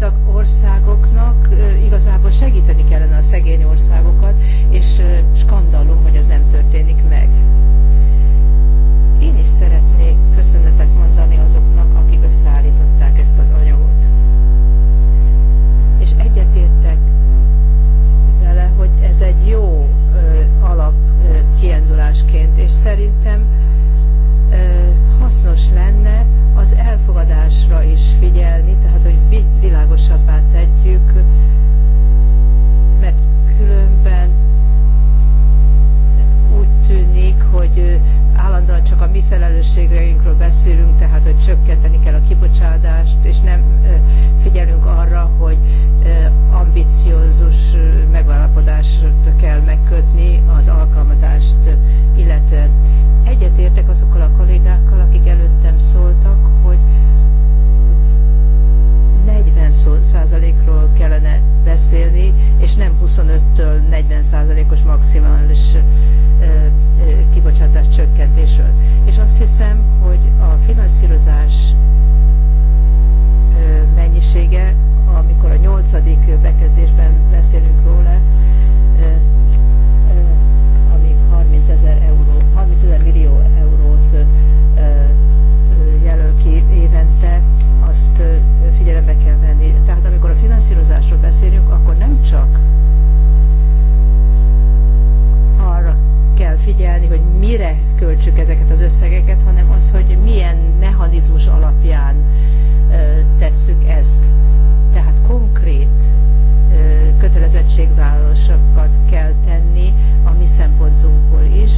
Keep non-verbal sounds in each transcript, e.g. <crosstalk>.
gazdag országoknak igazából segíteni kellene a szegény országokat, és skandalum, hogy ez nem történik meg. Én is szeretnék köszönetet mondani azoknak, akik összeállították ezt az anyagot. És egyetértek vele, hogy ez egy jó ö, alap ö, kiendulásként, és szerintem ö, hasznos lenne, az elfogadásra is figyelni, tehát hogy világosabbá tegyük, mert különben úgy tűnik, hogy állandóan csak a mi felelősségeinkről beszélünk, tehát hogy csökkenteni kell a kibocsátást, és nem figyelünk arra, hogy ambiciózus megállapodást kell megkötni az alkalmazást illetően. Egyetértek azokkal a kollégákkal, akik előttem szóltak, hogy 40 százalékról kellene beszélni, és nem 25-től 40 százalékos maximális kibocsátás csökkentésről. És azt hiszem, hogy a finanszírozás mennyisége, amikor a nyolcadik bekezdésben beszélünk róla, ezer millió eurót jelöl ki évente, azt figyelembe kell venni. Tehát amikor a finanszírozásról beszélünk, akkor nem csak arra kell figyelni, hogy mire költsük ezeket az összegeket, hanem az, hogy milyen mechanizmus alapján tesszük ezt. Tehát konkrét kötelezettségvállalásokat kell tenni a mi szempontunkból is,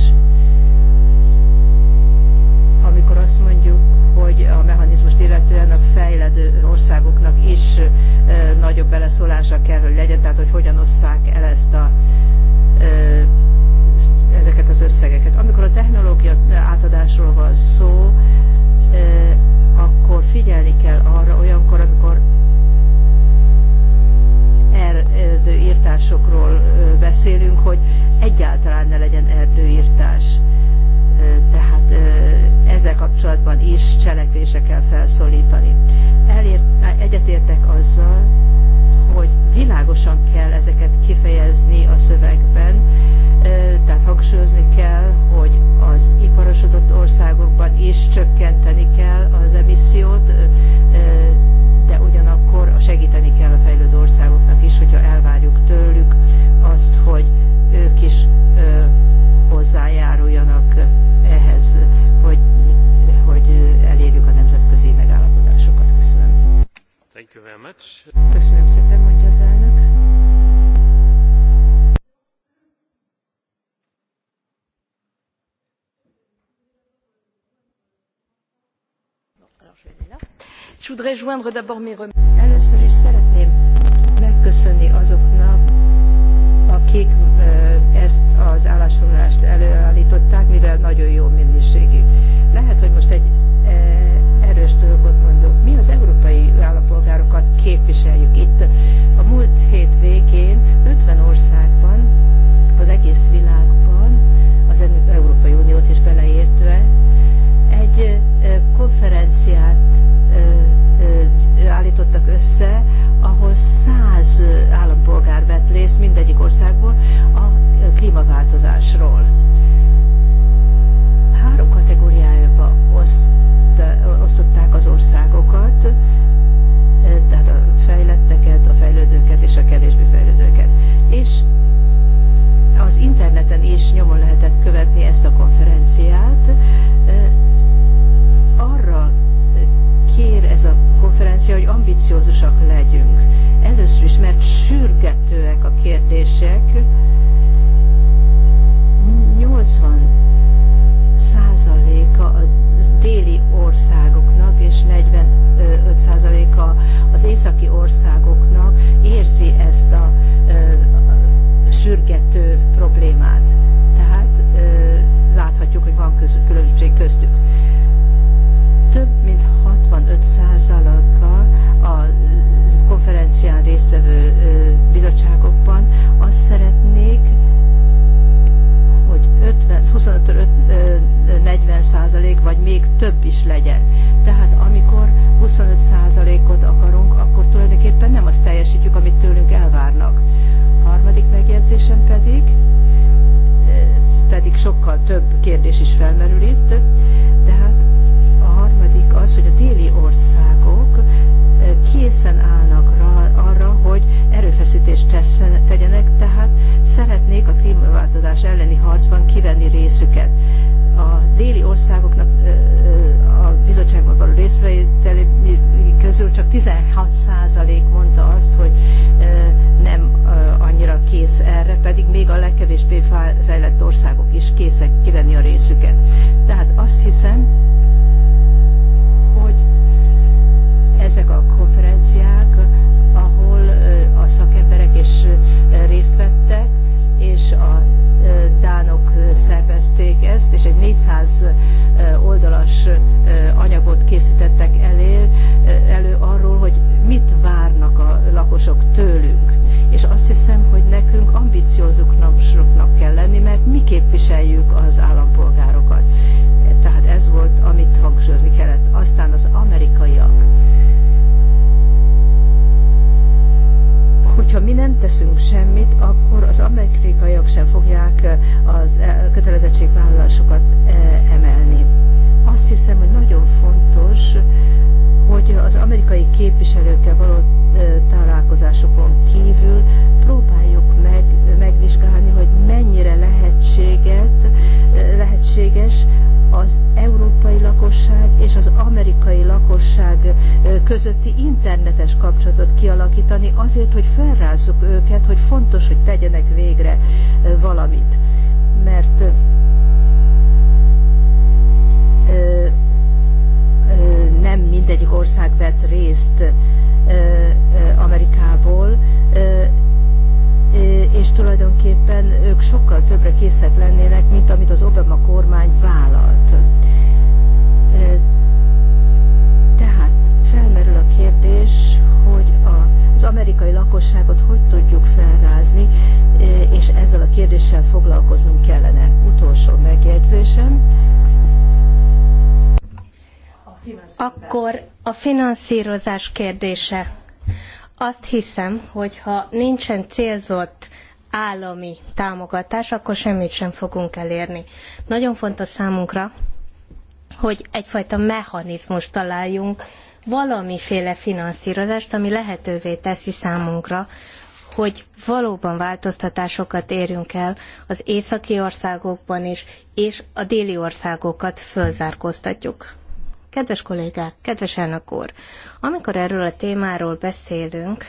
amikor azt mondjuk, hogy a mechanizmust illetően a fejledő országoknak is nagyobb beleszólása kell, hogy legyen, tehát hogy hogyan osszák el ezt a ezeket az összegeket. Amikor a technológia átadásról van szó, akkor figyelni kell arra olyankor, amikor erdőírtásokról beszélünk, hogy egyáltalán ne legyen erdőírtás tehát ezzel kapcsolatban is cselekvésre kell felszólítani. Elér, egyetértek azzal, hogy világosan kell ezeket kifejezni a szövegben, tehát hangsúlyozni kell, hogy az iparosodott országokban is csökkenteni kell az emissziót, de ugyanakkor segíteni kell a fejlődő országoknak is, hogyha elvárjuk tőlük azt, hogy ők is hozzájáruljanak Köszönöm szépen, mondja az elnök. Először is szeretném megköszönni azoknak, akik ezt az állásfoglalást előállították, mivel nagyon jó minőségű. Lehet, hogy most egy erős dolgot mondok. Mi az európai képviseljük itt. A múlt hét végén 50 országban, az egész világban, az Európai Uniót is beleértve, egy konferenciát állítottak össze, ahol száz állampolgár vett részt mindegyik országból a klímaváltozásról. Három kategóriájába oszt, osztották az országokat, tehát a fejletteket, a fejlődőket és a kevésbé fejlődőket. És az interneten is nyomon lehetett követni ezt a konferenciát. Arra kér ez a konferencia, hogy ambiciózusak legyünk. Először is, mert sürgetőek a kérdések. 80 déli országoknak, és 45%-a az északi országoknak érzi ezt a sürgető problémát. Tehát láthatjuk, hogy van köz, különbség köztük. Több mint 65%-a a konferencián résztvevő bizottságokban azt szeretnék, hogy 50, 25 40% vagy még több is legyen. Tehát amikor 25%-ot akarunk, akkor tulajdonképpen nem azt teljesítjük, amit tőlünk elvárnak. Harmadik megjegyzésem pedig, eh, pedig sokkal több kérdés is felmerül itt, tehát a harmadik az, hogy a déli országok eh, készen állnak hogy erőfeszítést tesszen, tegyenek, tehát szeretnék a klímaváltozás elleni harcban kivenni részüket. A déli országoknak a bizottságban való részvételi közül csak 16% mondta azt, hogy nem annyira kész erre, pedig még a legkevésbé fejlett országok is készek kivenni a részüket. Tehát azt hiszem, hogy ezek a konferenciák szakemberek és részt vettek, és a dánok szervezték ezt, és egy 400 oldalas anyagot készítettek elő, elő arról, hogy mit várnak a lakosok tőlünk. És azt hiszem, hogy nekünk ambiciózuknak kell lenni, mert mi képviseljük az állampolgárokat. Tehát ez volt, amit hangsúlyozni kellett. Aztán az amerikaiak hogyha mi nem teszünk semmit, akkor az amerikaiak sem fogják eh, az eh, kötelezettségvállalásokat eh, emelni. Azt hiszem, hogy nagyon fontos, hogy az amerikai képviselőkkel való találkozásokon kívül próbáljuk meg, megvizsgálni, hogy mennyire lehetséget, lehetséges az európai lakosság és az amerikai lakosság közötti internetes kapcsolatot kialakítani azért, hogy felrázzuk őket, hogy fontos, hogy tegyenek végre valamit. Mert nem mindegyik ország vett részt Amerikából, és tulajdonképpen ők sokkal többre készek lennének, mint amit az Obama kormány vállalt. Tehát felmerül a kérdés, hogy a, az amerikai lakosságot hogy tudjuk felrázni, és ezzel a kérdéssel foglalkoznunk kellene. Utolsó megjegyzésem. A Akkor a finanszírozás kérdése. Azt hiszem, hogy ha nincsen célzott állami támogatás, akkor semmit sem fogunk elérni. Nagyon fontos számunkra, hogy egyfajta mechanizmust találjunk, valamiféle finanszírozást, ami lehetővé teszi számunkra, hogy valóban változtatásokat érjünk el az északi országokban is, és a déli országokat fölzárkóztatjuk. Kedves kollégák, kedves elnök úr, amikor erről a témáról beszélünk,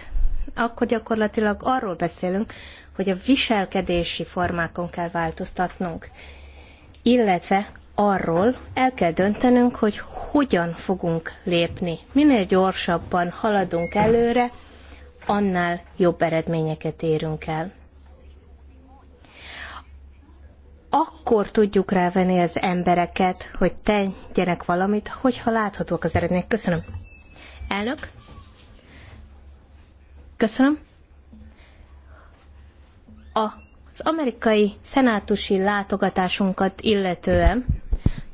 akkor gyakorlatilag arról beszélünk, hogy a viselkedési formákon kell változtatnunk, illetve arról el kell döntenünk, hogy hogyan fogunk lépni. Minél gyorsabban haladunk előre, annál jobb eredményeket érünk el. akkor tudjuk rávenni az embereket, hogy tegyenek valamit, hogyha láthatóak az eredmények. Köszönöm. Elnök? Köszönöm. Az amerikai szenátusi látogatásunkat illetően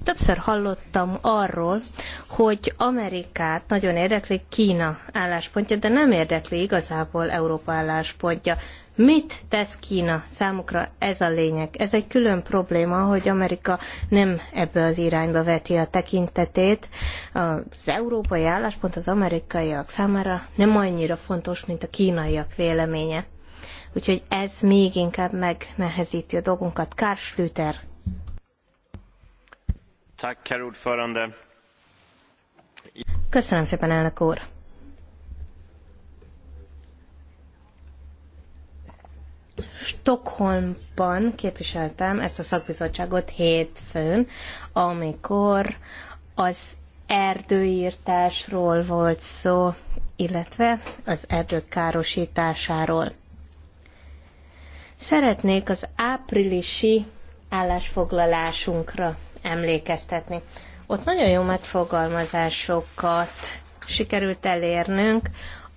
többször hallottam arról, hogy Amerikát nagyon érdekli Kína álláspontja, de nem érdekli igazából Európa álláspontja. Mit tesz Kína számukra? Ez a lényeg. Ez egy külön probléma, hogy Amerika nem ebbe az irányba veti a tekintetét. Az európai álláspont az amerikaiak számára nem annyira fontos, mint a kínaiak véleménye. Úgyhogy ez még inkább megnehezíti a dolgunkat. Karl Schlüter. Köszönöm szépen, elnök úr. Stockholmban képviseltem ezt a szakbizottságot hétfőn, amikor az erdőírtásról volt szó, illetve az erdők károsításáról. Szeretnék az áprilisi állásfoglalásunkra emlékeztetni. Ott nagyon jó megfogalmazásokat sikerült elérnünk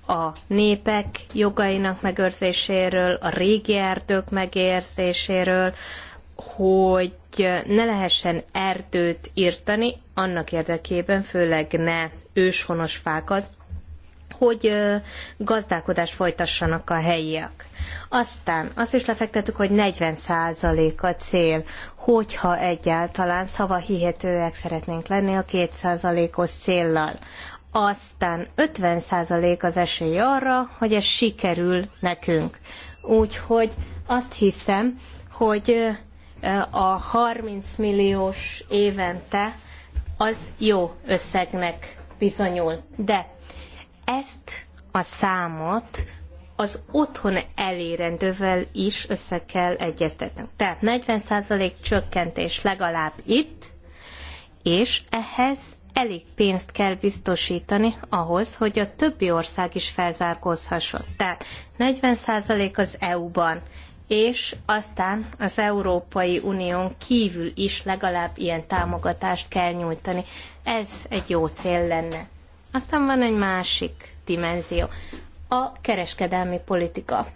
a népek jogainak megőrzéséről, a régi erdők megőrzéséről, hogy ne lehessen erdőt írtani, annak érdekében főleg ne őshonos fákat, hogy gazdálkodást folytassanak a helyiek. Aztán azt is lefektettük, hogy 40% a cél, hogyha egyáltalán szava hihetőek szeretnénk lenni a 2%-os céllal aztán 50% az esély arra, hogy ez sikerül nekünk. Úgyhogy azt hiszem, hogy a 30 milliós évente az jó összegnek bizonyul. De ezt a számot az otthon elérendővel is össze kell egyeztetnünk. Tehát 40% csökkentés legalább itt, és ehhez elég pénzt kell biztosítani ahhoz, hogy a többi ország is felzárkózhasson. Tehát 40% az EU-ban, és aztán az Európai Unión kívül is legalább ilyen támogatást kell nyújtani. Ez egy jó cél lenne. Aztán van egy másik dimenzió, a kereskedelmi politika.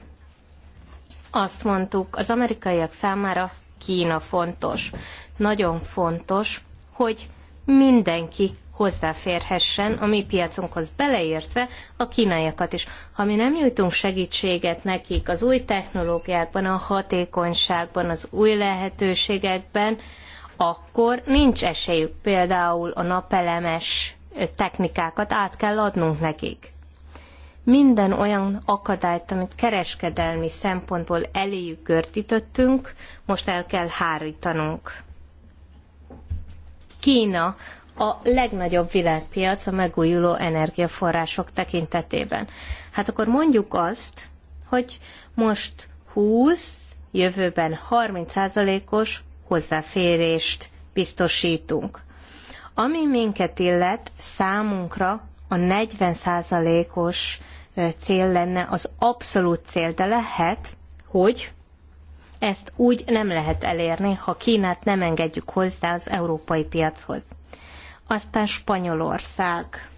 Azt mondtuk, az amerikaiak számára Kína fontos. Nagyon fontos, hogy mindenki hozzáférhessen a mi piacunkhoz beleértve a kínaiakat is. Ha mi nem nyújtunk segítséget nekik az új technológiákban, a hatékonyságban, az új lehetőségekben, akkor nincs esélyük például a napelemes technikákat át kell adnunk nekik. Minden olyan akadályt, amit kereskedelmi szempontból eléjük gördítettünk, most el kell hárítanunk. Kína a legnagyobb világpiac a megújuló energiaforrások tekintetében. Hát akkor mondjuk azt, hogy most 20, jövőben 30%-os hozzáférést biztosítunk. Ami minket illet, számunkra a 40%-os cél lenne az abszolút cél, de lehet, hogy ezt úgy nem lehet elérni, ha Kínát nem engedjük hozzá az európai piachoz. Aztán Spanyolország.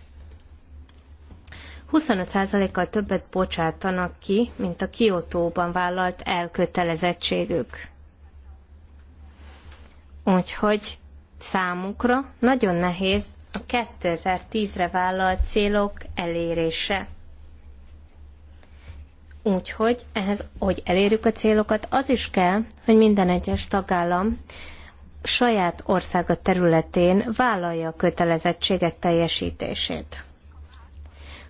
25%-kal többet bocsátanak ki, mint a Kiotóban vállalt elkötelezettségük. Úgyhogy számukra nagyon nehéz a 2010-re vállalt célok elérése. Úgyhogy ehhez, hogy elérjük a célokat, az is kell, hogy minden egyes tagállam saját országa területén vállalja a kötelezettségek teljesítését.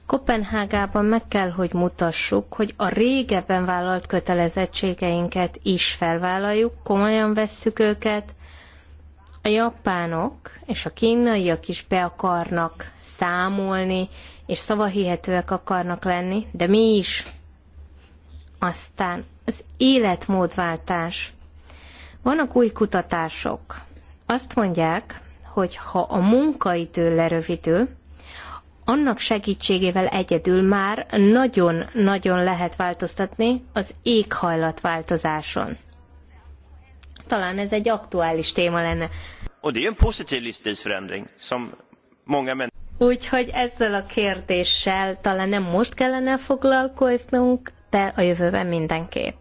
Kopenhágában meg kell, hogy mutassuk, hogy a régebben vállalt kötelezettségeinket is felvállaljuk, komolyan vesszük őket. A japánok és a kínaiak is be akarnak számolni, és szavahihetőek akarnak lenni, de mi is aztán az életmódváltás. Vannak új kutatások. Azt mondják, hogy ha a munkaidő lerövidül, annak segítségével egyedül már nagyon-nagyon lehet változtatni az éghajlatváltozáson. Talán ez egy aktuális téma lenne. Úgyhogy ezzel a kérdéssel talán nem most kellene foglalkoznunk, kell a jövőben mindenképp.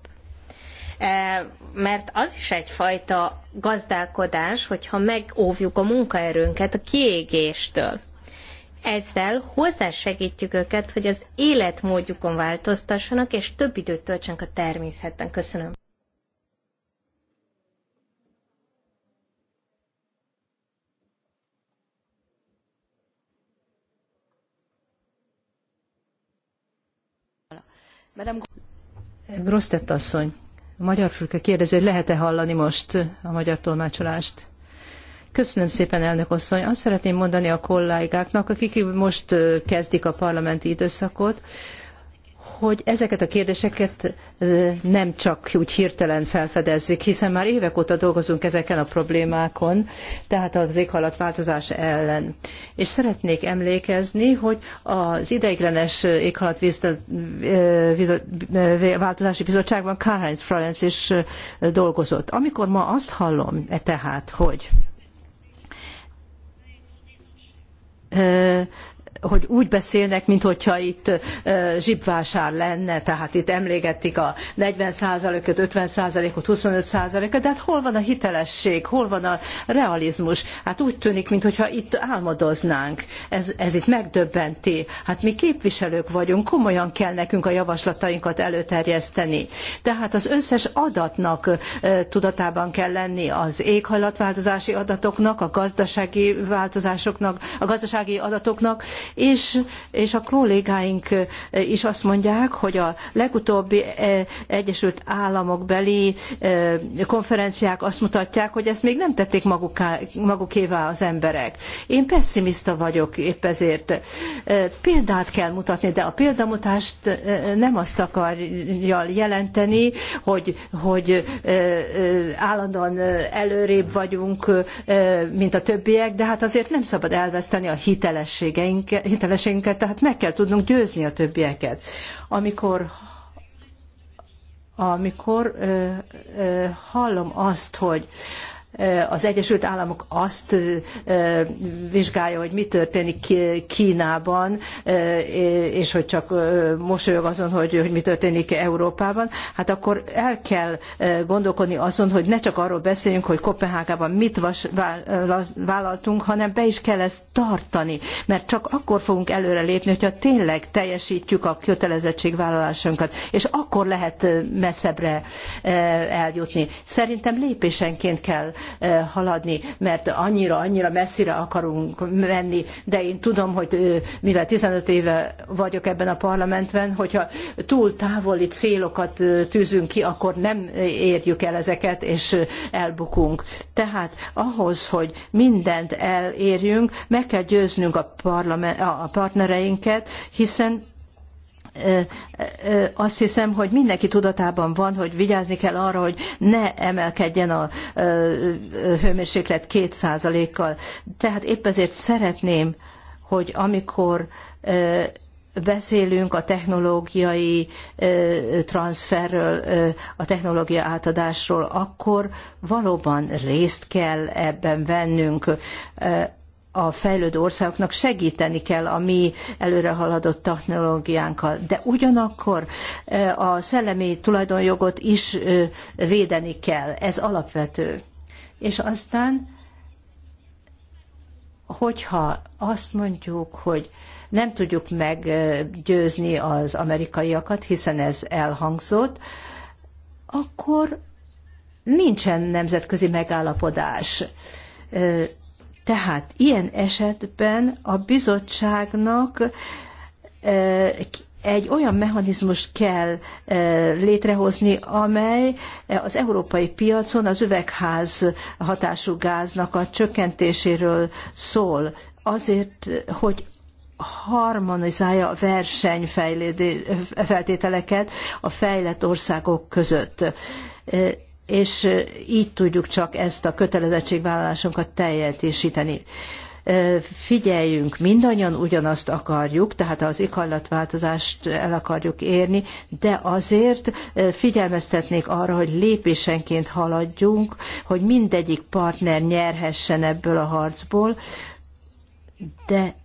E, mert az is egyfajta gazdálkodás, hogyha megóvjuk a munkaerőnket a kiégéstől. Ezzel hozzásegítjük őket, hogy az életmódjukon változtassanak, és több időt töltsenek a természetben. Köszönöm. Grosztett asszony, a magyar fülke kérdezi, hogy lehet-e hallani most a magyar tolmácsolást? Köszönöm szépen, elnök asszony. Azt szeretném mondani a kollégáknak, akik most kezdik a parlamenti időszakot, hogy ezeket a kérdéseket nem csak úgy hirtelen felfedezzük, hiszen már évek óta dolgozunk ezeken a problémákon, tehát az éghajlatváltozás ellen. És szeretnék emlékezni, hogy az ideiglenes éghajlatváltozási bizottságban Karl-Heinz Florence is dolgozott. Amikor ma azt hallom, e tehát, hogy hogy úgy beszélnek, mintha itt zsibvásár lenne, tehát itt emlégetik a 40%-ot, 50%-ot, 25%-ot, de hát hol van a hitelesség, hol van a realizmus? Hát úgy tűnik, mintha itt álmodoznánk. Ez, ez itt megdöbbenti. Hát mi képviselők vagyunk, komolyan kell nekünk a javaslatainkat előterjeszteni. Tehát az összes adatnak tudatában kell lenni az éghajlatváltozási adatoknak, a gazdasági változásoknak, a gazdasági adatoknak, és, és a kollégáink eh, is azt mondják, hogy a legutóbbi eh, Egyesült Államok beli eh, konferenciák azt mutatják, hogy ezt még nem tették maguká, magukévá az emberek. Én pessimista vagyok épp ezért. Példát kell mutatni, de a példamutást nem azt akarja jelenteni, hogy, hogy állandóan előrébb vagyunk, mint a többiek, de hát azért nem szabad elveszteni a hitelességeinket, hitelességünket, tehát meg kell tudnunk győzni a többieket. Amikor amikor ö, ö, hallom azt, hogy az Egyesült Államok azt vizsgálja, hogy mi történik Kínában, és hogy csak mosolyog azon, hogy, hogy mi történik Európában, hát akkor el kell gondolkodni azon, hogy ne csak arról beszéljünk, hogy Kopenhágában mit vállaltunk, hanem be is kell ezt tartani, mert csak akkor fogunk előrelépni, hogyha tényleg teljesítjük a kötelezettségvállalásunkat, és akkor lehet messzebbre eljutni. Szerintem lépésenként kell Eh, haladni, mert annyira, annyira messzire akarunk menni, de én tudom, hogy eh, mivel 15 éve vagyok ebben a parlamentben, hogyha túl távoli célokat eh, tűzünk ki, akkor nem érjük el ezeket, és elbukunk. Tehát ahhoz, hogy mindent elérjünk, meg kell győznünk a, a partnereinket, hiszen azt hiszem, hogy mindenki tudatában van, hogy vigyázni kell arra, hogy ne emelkedjen a hőmérséklet két százalékkal. Tehát épp ezért szeretném, hogy amikor beszélünk a technológiai transferről, a technológia átadásról, akkor valóban részt kell ebben vennünk a fejlődő országoknak segíteni kell a mi előrehaladott technológiánkkal. De ugyanakkor a szellemi tulajdonjogot is védeni kell. Ez alapvető. És aztán, hogyha azt mondjuk, hogy nem tudjuk meggyőzni az amerikaiakat, hiszen ez elhangzott, akkor nincsen nemzetközi megállapodás tehát ilyen esetben a bizottságnak e, egy olyan mechanizmust kell e, létrehozni, amely az európai piacon az üvegház hatású gáznak a csökkentéséről szól, azért, hogy harmonizálja a versenyfeltételeket a fejlett országok között e, és így tudjuk csak ezt a kötelezettségvállalásunkat teljesíteni. Figyeljünk, mindannyian ugyanazt akarjuk, tehát az éghajlatváltozást el akarjuk érni, de azért figyelmeztetnék arra, hogy lépésenként haladjunk, hogy mindegyik partner nyerhessen ebből a harcból, de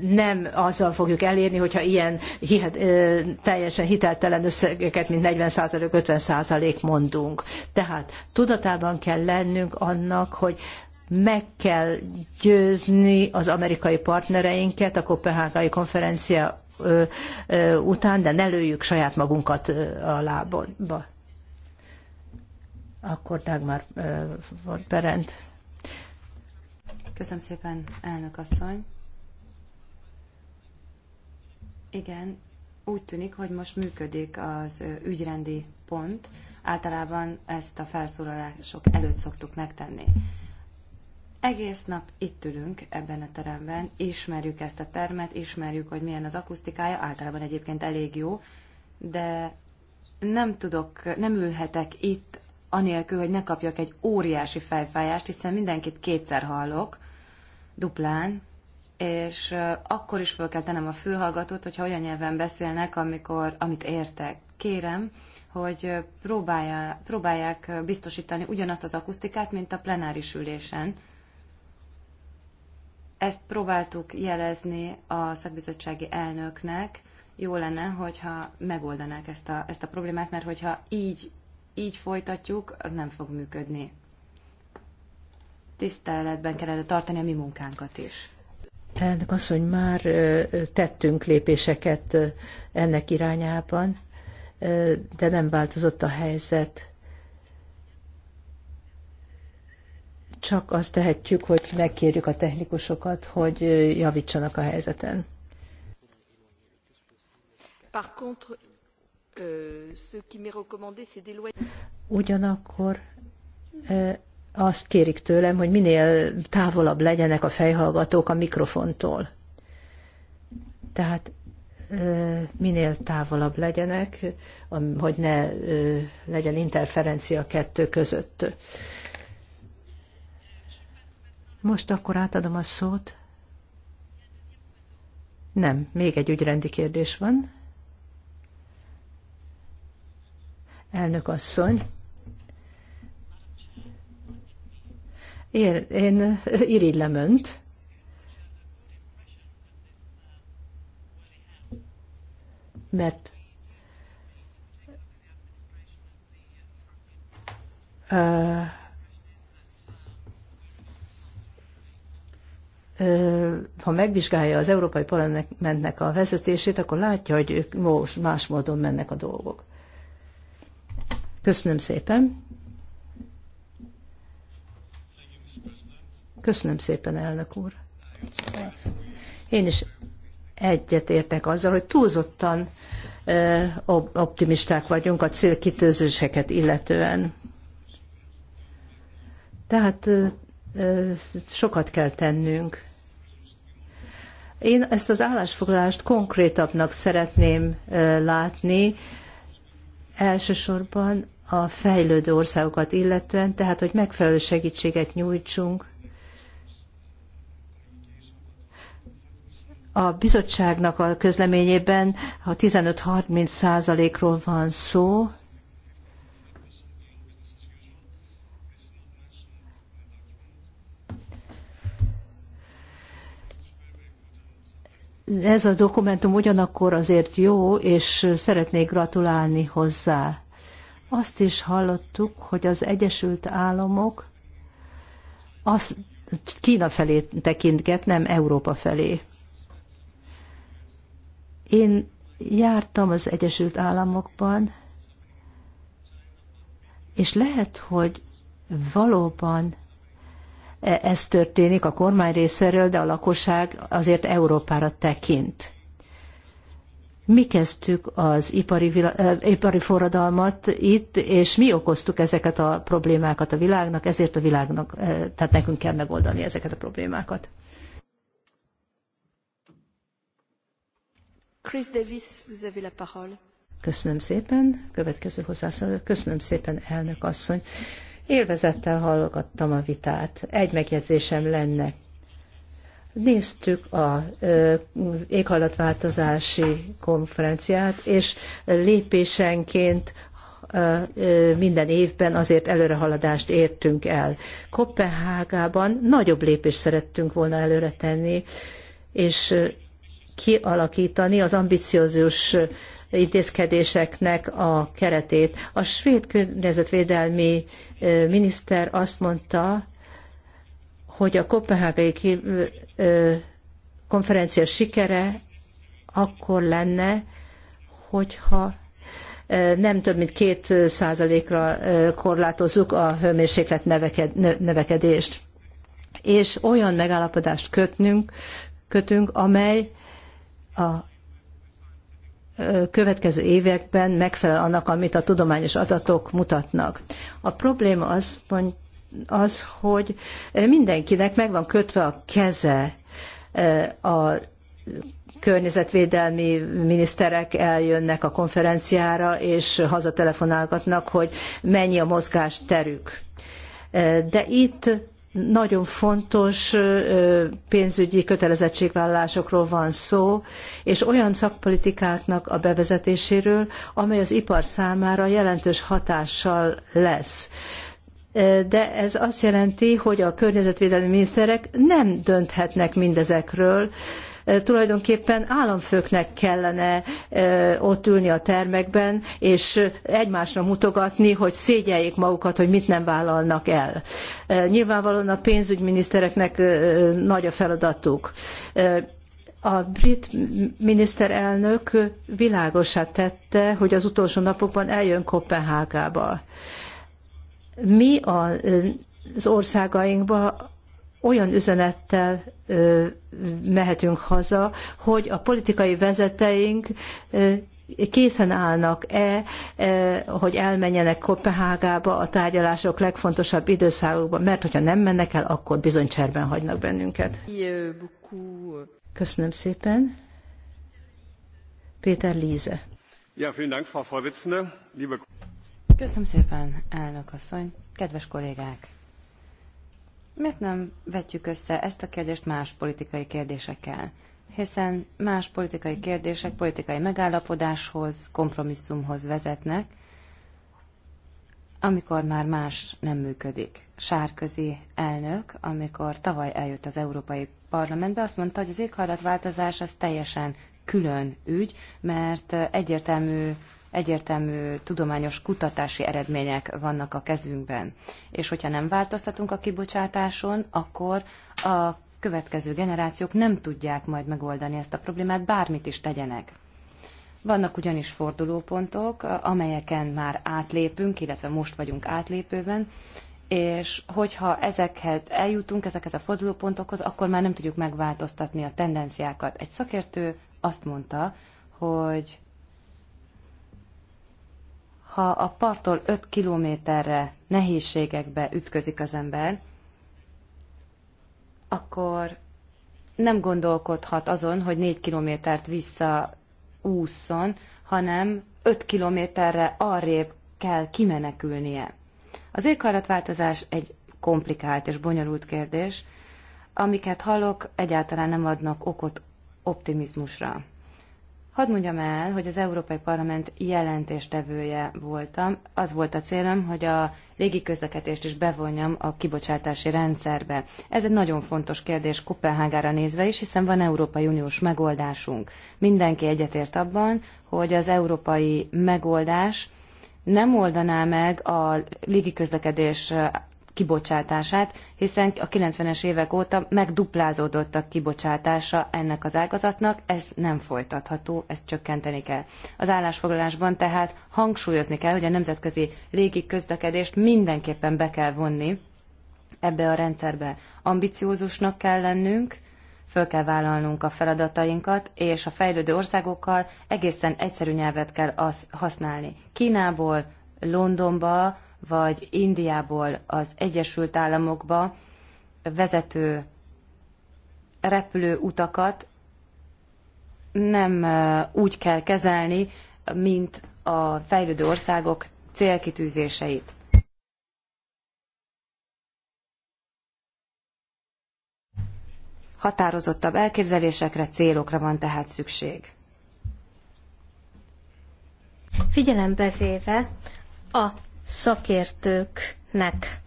nem azzal fogjuk elérni, hogyha ilyen hihet, teljesen hiteltelen összegeket, mint 40%, 50% mondunk. Tehát tudatában kell lennünk annak, hogy meg kell győzni az amerikai partnereinket a Kopenhágai konferencia után, de ne lőjük saját magunkat a lábonba. Akkor Dagmar volt Berend. Köszönöm szépen, elnök asszony. Igen, úgy tűnik, hogy most működik az ügyrendi pont. Általában ezt a felszólalások előtt szoktuk megtenni. Egész nap itt ülünk ebben a teremben, ismerjük ezt a termet, ismerjük, hogy milyen az akusztikája, általában egyébként elég jó, de nem tudok, nem ülhetek itt anélkül, hogy ne kapjak egy óriási fejfájást, hiszen mindenkit kétszer hallok, duplán, és akkor is fel kell tennem a fülhallgatót, hogyha olyan nyelven beszélnek, amikor, amit értek. Kérem, hogy próbálja, próbálják biztosítani ugyanazt az akusztikát, mint a plenáris ülésen. Ezt próbáltuk jelezni a szakbizottsági elnöknek. Jó lenne, hogyha megoldanák ezt a, ezt a problémát, mert hogyha így, így folytatjuk, az nem fog működni tiszteletben kellene tartani a mi munkánkat is. Elnök asszony, már tettünk lépéseket ennek irányában, de nem változott a helyzet. Csak azt tehetjük, hogy megkérjük a technikusokat, hogy javítsanak a helyzeten. Euh, Ugyanakkor azt kérik tőlem, hogy minél távolabb legyenek a fejhallgatók a mikrofontól. Tehát minél távolabb legyenek, hogy ne legyen interferencia a kettő között. Most akkor átadom a szót. Nem, még egy ügyrendi kérdés van. Elnök asszony. Én, én irigylem önt. Mert uh, ha megvizsgálja az Európai Parlamentnek a vezetését, akkor látja, hogy ők más módon mennek a dolgok. Köszönöm szépen. Köszönöm szépen, elnök úr. Én is egyet értek azzal, hogy túlzottan optimisták vagyunk a célkitőzéseket illetően. Tehát sokat kell tennünk. Én ezt az állásfoglalást konkrétabbnak szeretném látni, elsősorban a fejlődő országokat illetően, tehát hogy megfelelő segítséget nyújtsunk A bizottságnak a közleményében a 15-30 százalékról van szó, ez a dokumentum ugyanakkor azért jó, és szeretnék gratulálni hozzá. Azt is hallottuk, hogy az Egyesült Államok az Kína felé tekintget, nem Európa felé. Én jártam az Egyesült Államokban, és lehet, hogy valóban e, ez történik a kormány részéről, de a lakosság azért Európára tekint. Mi kezdtük az ipari, vilá... E, ipari forradalmat itt, és mi okoztuk ezeket a problémákat a világnak, ezért a világnak, e, tehát nekünk kell megoldani ezeket a problémákat. Chris Davis, vous avez la parole. Köszönöm szépen. Következő hozzászóló. Köszönöm szépen, elnök asszony. Élvezettel hallgattam a vitát. Egy megjegyzésem lenne. Néztük a éghajlatváltozási konferenciát, és lépésenként minden évben azért előrehaladást értünk el. Kopenhágában nagyobb lépést szerettünk volna előre tenni, és kialakítani az ambiciózus intézkedéseknek a keretét. A svéd környezetvédelmi miniszter azt mondta, hogy a kopenhágai konferencia sikere akkor lenne, hogyha nem több mint két százalékra korlátozzuk a hőmérséklet növekedést. És olyan megállapodást kötnünk, kötünk, amely a következő években megfelel annak, amit a tudományos adatok mutatnak. A probléma az, az hogy mindenkinek meg van kötve a keze a környezetvédelmi miniszterek eljönnek a konferenciára, és hazatelefonálgatnak, hogy mennyi a mozgásterük. De itt nagyon fontos pénzügyi kötelezettségvállalásokról van szó, és olyan szakpolitikáknak a bevezetéséről, amely az ipar számára jelentős hatással lesz. De ez azt jelenti, hogy a környezetvédelmi miniszterek nem dönthetnek mindezekről, tulajdonképpen államfőknek kellene ott ülni a termekben, és egymásra mutogatni, hogy szégyeljék magukat, hogy mit nem vállalnak el. Nyilvánvalóan a pénzügyminisztereknek nagy a feladatuk a brit miniszterelnök világosá tette, hogy az utolsó napokban eljön Kopenhágába. Mi az országainkban? olyan üzenettel mehetünk haza, hogy a politikai vezeteink készen állnak-e, hogy elmenjenek Kopenhágába a tárgyalások legfontosabb időszakokban, mert hogyha nem mennek el, akkor bizony cserben hagynak bennünket. Köszönöm szépen. Péter Líze. Köszönöm szépen, elnök asszony. Kedves kollégák! Miért nem vetjük össze ezt a kérdést más politikai kérdésekkel? Hiszen más politikai kérdések politikai megállapodáshoz, kompromisszumhoz vezetnek, amikor már más nem működik. Sárközi elnök, amikor tavaly eljött az Európai Parlamentbe, azt mondta, hogy az éghajlatváltozás az teljesen külön ügy, mert egyértelmű egyértelmű tudományos kutatási eredmények vannak a kezünkben. És hogyha nem változtatunk a kibocsátáson, akkor a következő generációk nem tudják majd megoldani ezt a problémát, bármit is tegyenek. Vannak ugyanis fordulópontok, amelyeken már átlépünk, illetve most vagyunk átlépőben, és hogyha ezekhez eljutunk, ezekhez a fordulópontokhoz, akkor már nem tudjuk megváltoztatni a tendenciákat. Egy szakértő azt mondta, hogy ha a parttól 5 kilométerre nehézségekbe ütközik az ember, akkor nem gondolkodhat azon, hogy 4 kilométert vissza ússzon, hanem 5 kilométerre arrébb kell kimenekülnie. Az éghajlatváltozás egy komplikált és bonyolult kérdés, amiket hallok, egyáltalán nem adnak okot optimizmusra. Hadd mondjam el, hogy az Európai Parlament jelentéstevője voltam. Az volt a célom, hogy a légi közlekedést is bevonjam a kibocsátási rendszerbe. Ez egy nagyon fontos kérdés Kopenhágára nézve is, hiszen van Európai Uniós megoldásunk. Mindenki egyetért abban, hogy az európai megoldás nem oldaná meg a légi közlekedés kibocsátását, hiszen a 90-es évek óta megduplázódott a kibocsátása ennek az ágazatnak, ez nem folytatható, ezt csökkenteni kell. Az állásfoglalásban tehát hangsúlyozni kell, hogy a nemzetközi légi közlekedést mindenképpen be kell vonni ebbe a rendszerbe. Ambiciózusnak kell lennünk, föl kell vállalnunk a feladatainkat, és a fejlődő országokkal egészen egyszerű nyelvet kell az használni. Kínából Londonba vagy Indiából az Egyesült Államokba vezető repülő utakat nem úgy kell kezelni, mint a fejlődő országok célkitűzéseit. Határozottabb elképzelésekre, célokra van tehát szükség. Figyelembe véve a szakértőknek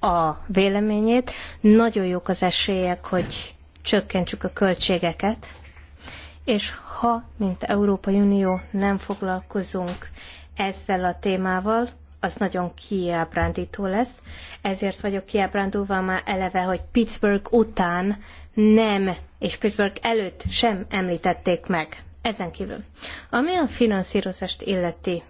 a véleményét. Nagyon jók az esélyek, hogy csökkentsük a költségeket, és ha, mint Európai Unió nem foglalkozunk ezzel a témával, az nagyon kiábrándító lesz. Ezért vagyok kiábrándulva már eleve, hogy Pittsburgh után nem, és Pittsburgh előtt sem említették meg. Ezen kívül. Ami a finanszírozást illeti,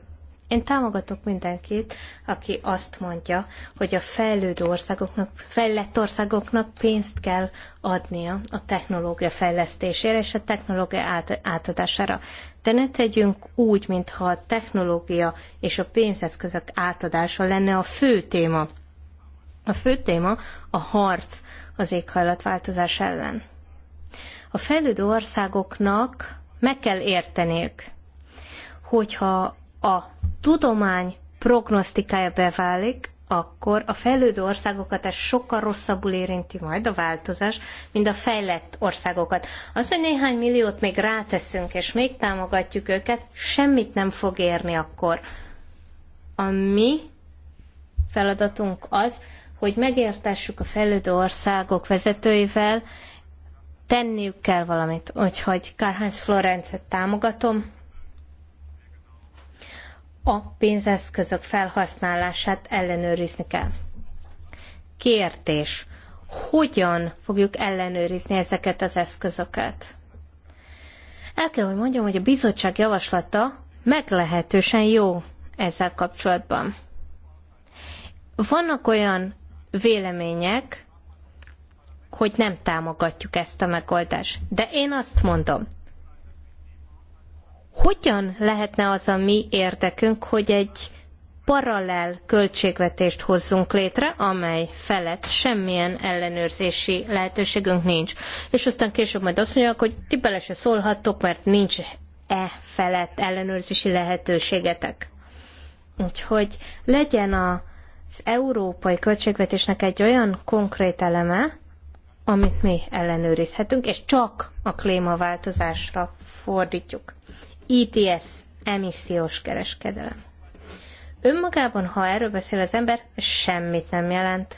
én támogatok mindenkit, aki azt mondja, hogy a fejlődő országoknak, fejlett országoknak pénzt kell adnia a technológia fejlesztésére és a technológia át, átadására. De ne tegyünk úgy, mintha a technológia és a pénzeszközök átadása lenne a fő téma. A fő téma a harc az éghajlatváltozás ellen. A fejlődő országoknak meg kell érteniük, hogyha a tudomány prognosztikája beválik, akkor a fejlődő országokat ez sokkal rosszabbul érinti majd a változás, mint a fejlett országokat. Az, hogy néhány milliót még ráteszünk, és még támogatjuk őket, semmit nem fog érni akkor. A mi feladatunk az, hogy megértessük a fejlődő országok vezetőivel, tenniük kell valamit. Úgyhogy Karhánz Florencet támogatom, a pénzeszközök felhasználását ellenőrizni kell. Kérdés. Hogyan fogjuk ellenőrizni ezeket az eszközöket? Hát El kell, hogy mondjam, hogy a bizottság javaslata meglehetősen jó ezzel kapcsolatban. Vannak olyan vélemények, hogy nem támogatjuk ezt a megoldást. De én azt mondom, hogyan lehetne az a mi érdekünk, hogy egy paralel költségvetést hozzunk létre, amely felett semmilyen ellenőrzési lehetőségünk nincs. És aztán később majd azt mondják, hogy ti bele se szólhattok, mert nincs e felett ellenőrzési lehetőségetek. Úgyhogy legyen az európai költségvetésnek egy olyan konkrét eleme, amit mi ellenőrizhetünk, és csak a klímaváltozásra fordítjuk. ETS, emissziós kereskedelem. Önmagában, ha erről beszél az ember, semmit nem jelent.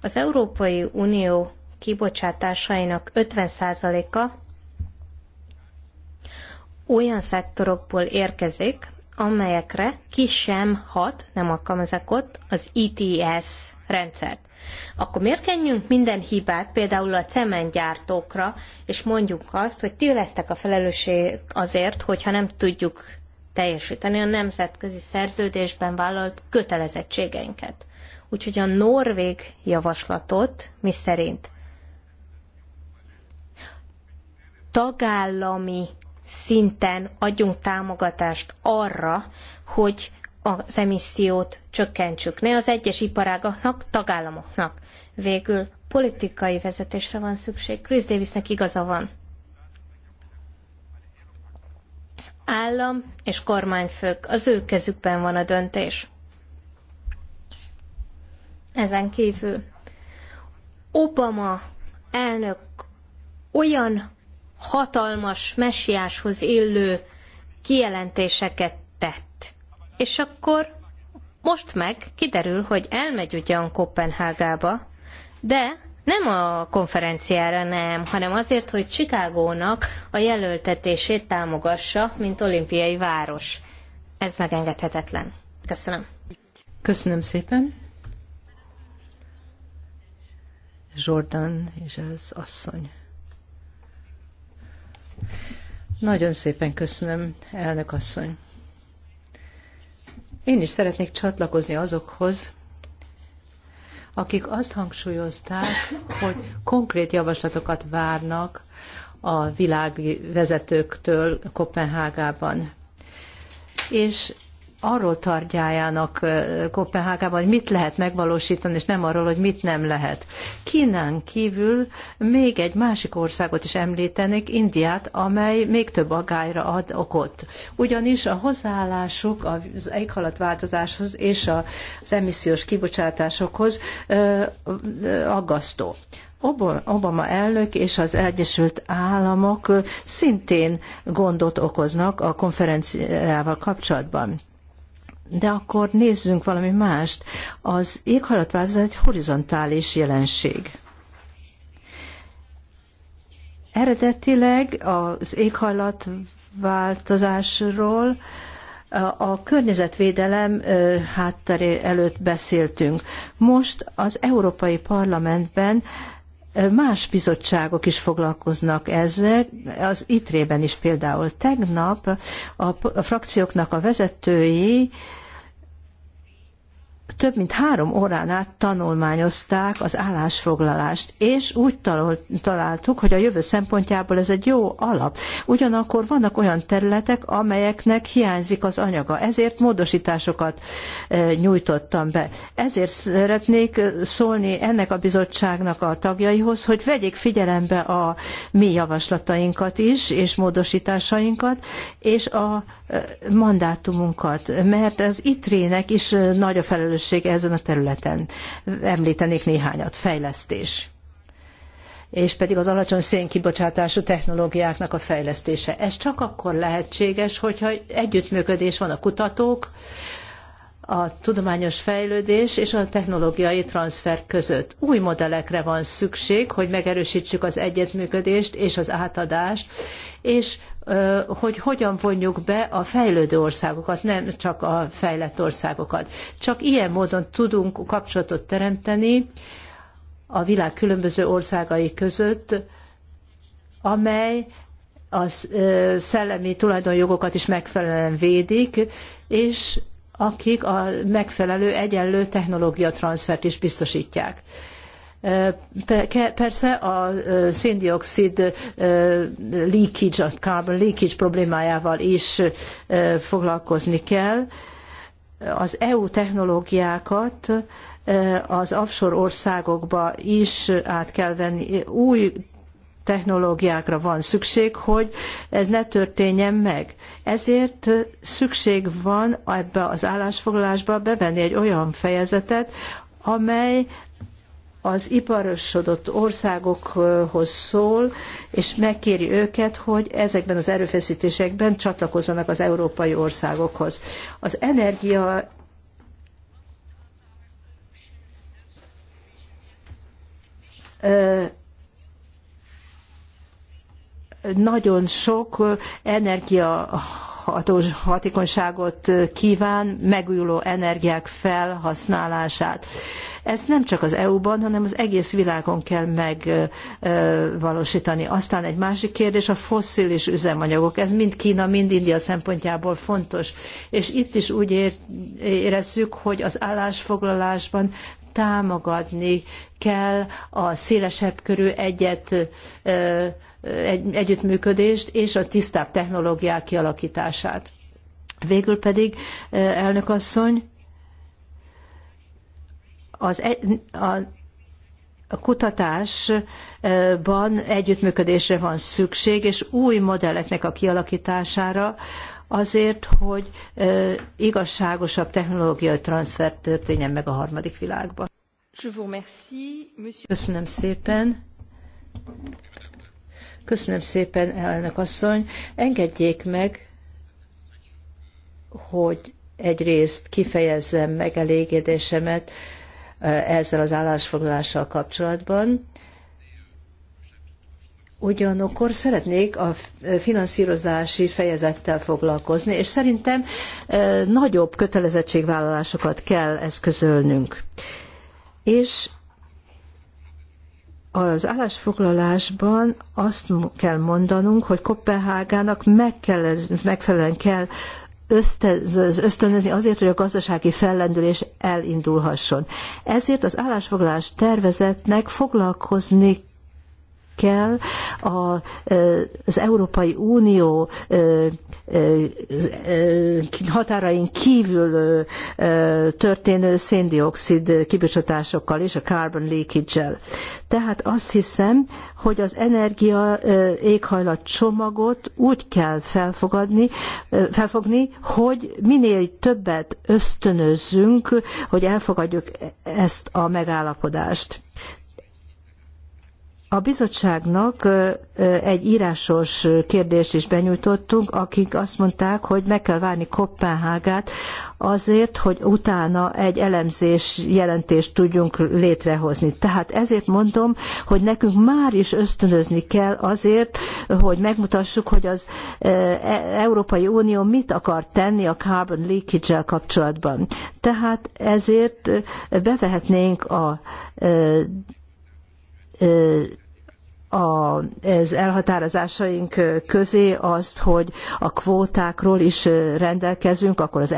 Az Európai Unió kibocsátásainak 50%-a olyan szektorokból érkezik, amelyekre ki sem hat, nem alkalmazak ott, az ETS rendszert akkor miért kenjünk minden hibát például a cementgyártókra, és mondjuk azt, hogy ti lesztek a felelősség azért, hogyha nem tudjuk teljesíteni a nemzetközi szerződésben vállalt kötelezettségeinket. Úgyhogy a norvég javaslatot, mi szerint tagállami szinten adjunk támogatást arra, hogy az emissziót csökkentsük, ne az egyes iparágaknak, tagállamoknak. Végül politikai vezetésre van szükség. Chris Davisnek igaza van. Állam és kormányfők, az ő kezükben van a döntés. Ezen kívül Obama elnök olyan hatalmas messiáshoz illő kijelentéseket és akkor most meg kiderül, hogy elmegy ugyan Kopenhágába, de nem a konferenciára, nem, hanem azért, hogy Csikágónak a jelöltetését támogassa, mint olimpiai város. Ez megengedhetetlen. Köszönöm. Köszönöm szépen. Jordan és az asszony. Nagyon szépen köszönöm, elnök asszony. Én is szeretnék csatlakozni azokhoz, akik azt hangsúlyozták, hogy konkrét javaslatokat várnak a világvezetőktől Kopenhágában. És arról tartjájának Kopenhágában, hogy mit lehet megvalósítani, és nem arról, hogy mit nem lehet. Kínán kívül még egy másik országot is említenék, Indiát, amely még több agályra ad okot. Ugyanis a hozzáállásuk az éghajlatváltozáshoz és az emissziós kibocsátásokhoz aggasztó. Obama elnök és az Egyesült Államok szintén gondot okoznak a konferenciával kapcsolatban. De akkor nézzünk valami mást. Az éghajlatváltozás egy horizontális jelenség. Eredetileg az éghajlatváltozásról a környezetvédelem hátteré előtt beszéltünk. Most az Európai Parlamentben Más bizottságok is foglalkoznak ezzel, az ITRE-ben is például tegnap a frakcióknak a vezetői több mint három órán át tanulmányozták az állásfoglalást, és úgy találtuk, hogy a jövő szempontjából ez egy jó alap. Ugyanakkor vannak olyan területek, amelyeknek hiányzik az anyaga, ezért módosításokat nyújtottam be. Ezért szeretnék szólni ennek a bizottságnak a tagjaihoz, hogy vegyék figyelembe a mi javaslatainkat is, és módosításainkat, és a mandátumunkat, mert az ITRÉ-nek is nagy a felelőssége ezen a területen. Említenék néhányat. Fejlesztés és pedig az alacsony szénkibocsátású technológiáknak a fejlesztése. Ez csak akkor lehetséges, hogyha együttműködés van a kutatók, a tudományos fejlődés és a technológiai transfer között. Új modellekre van szükség, hogy megerősítsük az egyetműködést és az átadást, és hogy hogyan vonjuk be a fejlődő országokat, nem csak a fejlett országokat. Csak ilyen módon tudunk kapcsolatot teremteni a világ különböző országai között, amely a szellemi tulajdonjogokat is megfelelően védik, és akik a megfelelő egyenlő technológia transfert is biztosítják. Persze a széndiokszid leakage, a carbon leakage problémájával is foglalkozni kell. Az EU technológiákat az offshore országokba is át kell venni. Új technológiákra van szükség, hogy ez ne történjen meg. Ezért szükség van ebbe az állásfoglalásba bevenni egy olyan fejezetet, amely az iparosodott országokhoz szól, és megkéri őket, hogy ezekben az erőfeszítésekben csatlakozzanak az európai országokhoz. Az energia nagyon sok energia hatós, hatékonyságot kíván, megújuló energiák felhasználását. Ezt nem csak az EU-ban, hanem az egész világon kell megvalósítani. Aztán egy másik kérdés a fosszilis üzemanyagok. Ez mind Kína, mind India szempontjából fontos. És itt is úgy érezzük, hogy az állásfoglalásban támogatni kell a szélesebb körű egyet egy, együttműködést és a tisztább technológiák kialakítását. Végül pedig, elnök asszony, az, e- a, a kutatásban együttműködésre van szükség, és új modelleknek a kialakítására, azért, hogy igazságosabb technológiai transfer történjen meg a harmadik világban. Köszönöm szépen. Köszönöm szépen, elnök asszony. Engedjék meg, hogy egyrészt kifejezzem megelégedésemet eh, ezzel az állásfoglalással kapcsolatban. Ugyanakkor szeretnék a eh, finanszírozási fejezettel foglalkozni, és szerintem eh, nagyobb kötelezettségvállalásokat kell eszközölnünk. És az állásfoglalásban azt kell mondanunk, hogy Kopenhágának meg kell, megfelelően kell ösztönözni azért, hogy a gazdasági fellendülés elindulhasson. Ezért az állásfoglalás tervezetnek foglalkozni kell a, az Európai Unió határain kívül történő széndiokszid kibocsátásokkal és a carbon leakage-el. Tehát azt hiszem, hogy az energia éghajlat csomagot úgy kell felfogadni, felfogni, hogy minél többet ösztönözzünk, hogy elfogadjuk e-, ezt a megállapodást. A bizottságnak egy írásos kérdést is benyújtottunk, akik azt mondták, hogy meg kell várni Kopenhágát azért, hogy utána egy elemzés jelentést tudjunk létrehozni. Tehát ezért mondom, hogy nekünk már is ösztönözni kell azért, hogy megmutassuk, hogy az e, Európai Unió mit akar tenni a carbon leakage-el kapcsolatban. Tehát ezért bevehetnénk a az elhatározásaink közé azt, hogy a kvótákról is rendelkezünk, akkor az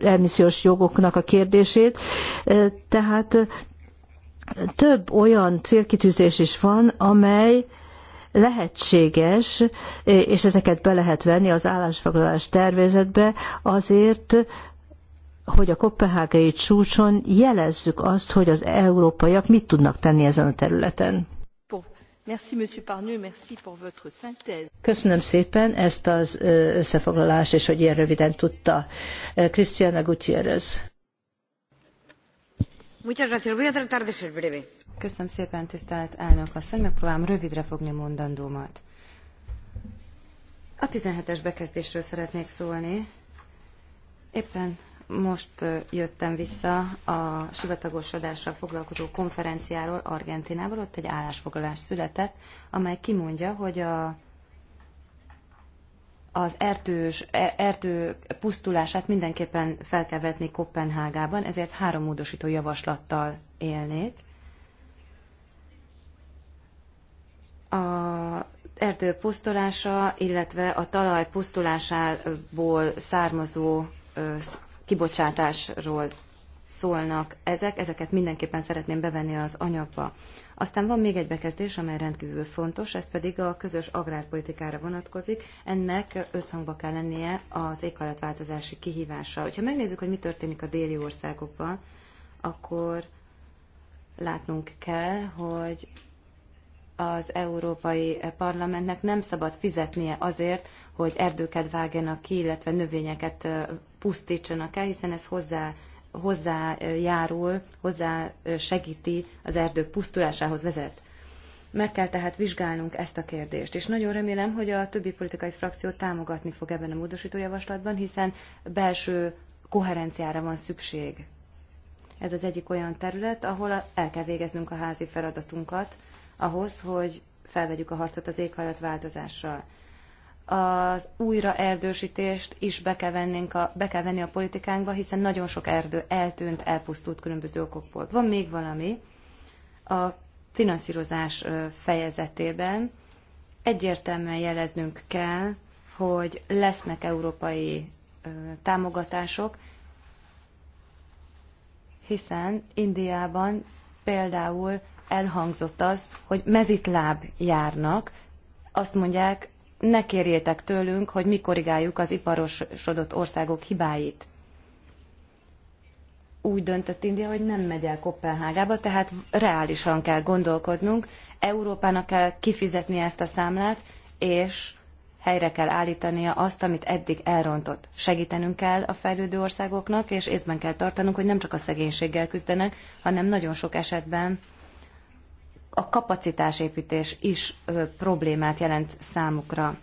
emissziós jogoknak a kérdését. Tehát több olyan célkitűzés is van, amely lehetséges, és ezeket be lehet venni az állásfoglalás tervezetbe azért, hogy a kopenhágai csúcson jelezzük azt, hogy az európaiak mit tudnak tenni ezen a területen. Köszönöm szépen ezt az összefoglalást, és hogy ilyen röviden tudta. Cristiana Gutierrez. Köszönöm szépen, tisztelt elnök asszony, megpróbálom rövidre fogni mondandómat. A 17-es bekezdésről szeretnék szólni. Éppen most jöttem vissza a sivatagosodással foglalkozó konferenciáról Argentinából, ott egy állásfoglalás született, amely kimondja, hogy a, az erdős, erdő pusztulását mindenképpen fel kell vetni Kopenhágában, ezért három módosító javaslattal élnék. A erdő pusztulása, illetve a talaj pusztulásából származó kibocsátásról szólnak ezek, ezeket mindenképpen szeretném bevenni az anyagba. Aztán van még egy bekezdés, amely rendkívül fontos, ez pedig a közös agrárpolitikára vonatkozik. Ennek összhangba kell lennie az éghajlatváltozási kihívással. Ha megnézzük, hogy mi történik a déli országokban, akkor látnunk kell, hogy az Európai Parlamentnek nem szabad fizetnie azért, hogy erdőket vágjanak ki, illetve növényeket pusztítsanak el, hiszen ez hozzá hozzájárul, hozzá segíti az erdők pusztulásához vezet. Meg kell tehát vizsgálnunk ezt a kérdést, és nagyon remélem, hogy a többi politikai frakció támogatni fog ebben a módosító javaslatban, hiszen belső koherenciára van szükség. Ez az egyik olyan terület, ahol el kell végeznünk a házi feladatunkat, ahhoz, hogy felvegyük a harcot az éghajlatváltozással. Az újraerdősítést is be kell, a, be kell venni a politikánkba, hiszen nagyon sok erdő eltűnt, elpusztult különböző okokból. Van még valami a finanszírozás fejezetében. Egyértelműen jeleznünk kell, hogy lesznek európai támogatások, hiszen Indiában például elhangzott az, hogy mezitláb járnak. Azt mondják, ne kérjétek tőlünk, hogy mi korrigáljuk az iparosodott országok hibáit. Úgy döntött India, hogy nem megy el Kopenhágába, tehát reálisan kell gondolkodnunk, Európának kell kifizetni ezt a számlát, és helyre kell állítania azt, amit eddig elrontott. Segítenünk kell a fejlődő országoknak, és észben kell tartanunk, hogy nem csak a szegénységgel küzdenek, hanem nagyon sok esetben a kapacitásépítés is problémát jelent számukra.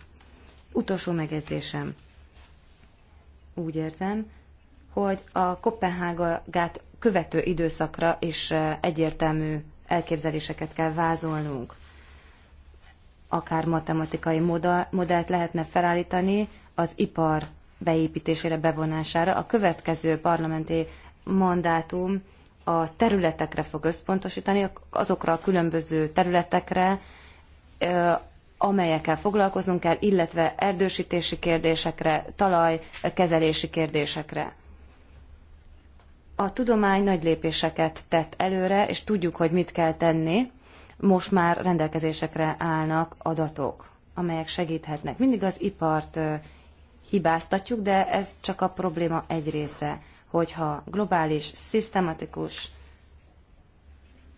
Utolsó megjegyzésem. Úgy érzem, hogy a Kopenhágát követő időszakra is egyértelmű elképzeléseket kell vázolnunk. Akár matematikai modellt lehetne felállítani az ipar beépítésére, bevonására. A következő parlamenti mandátum a területekre fog összpontosítani, azokra a különböző területekre, amelyekkel foglalkoznunk kell, illetve erdősítési kérdésekre, talajkezelési kérdésekre. A tudomány nagy lépéseket tett előre, és tudjuk, hogy mit kell tenni. Most már rendelkezésekre állnak adatok, amelyek segíthetnek. Mindig az ipart hibáztatjuk, de ez csak a probléma egy része hogyha globális, szisztematikus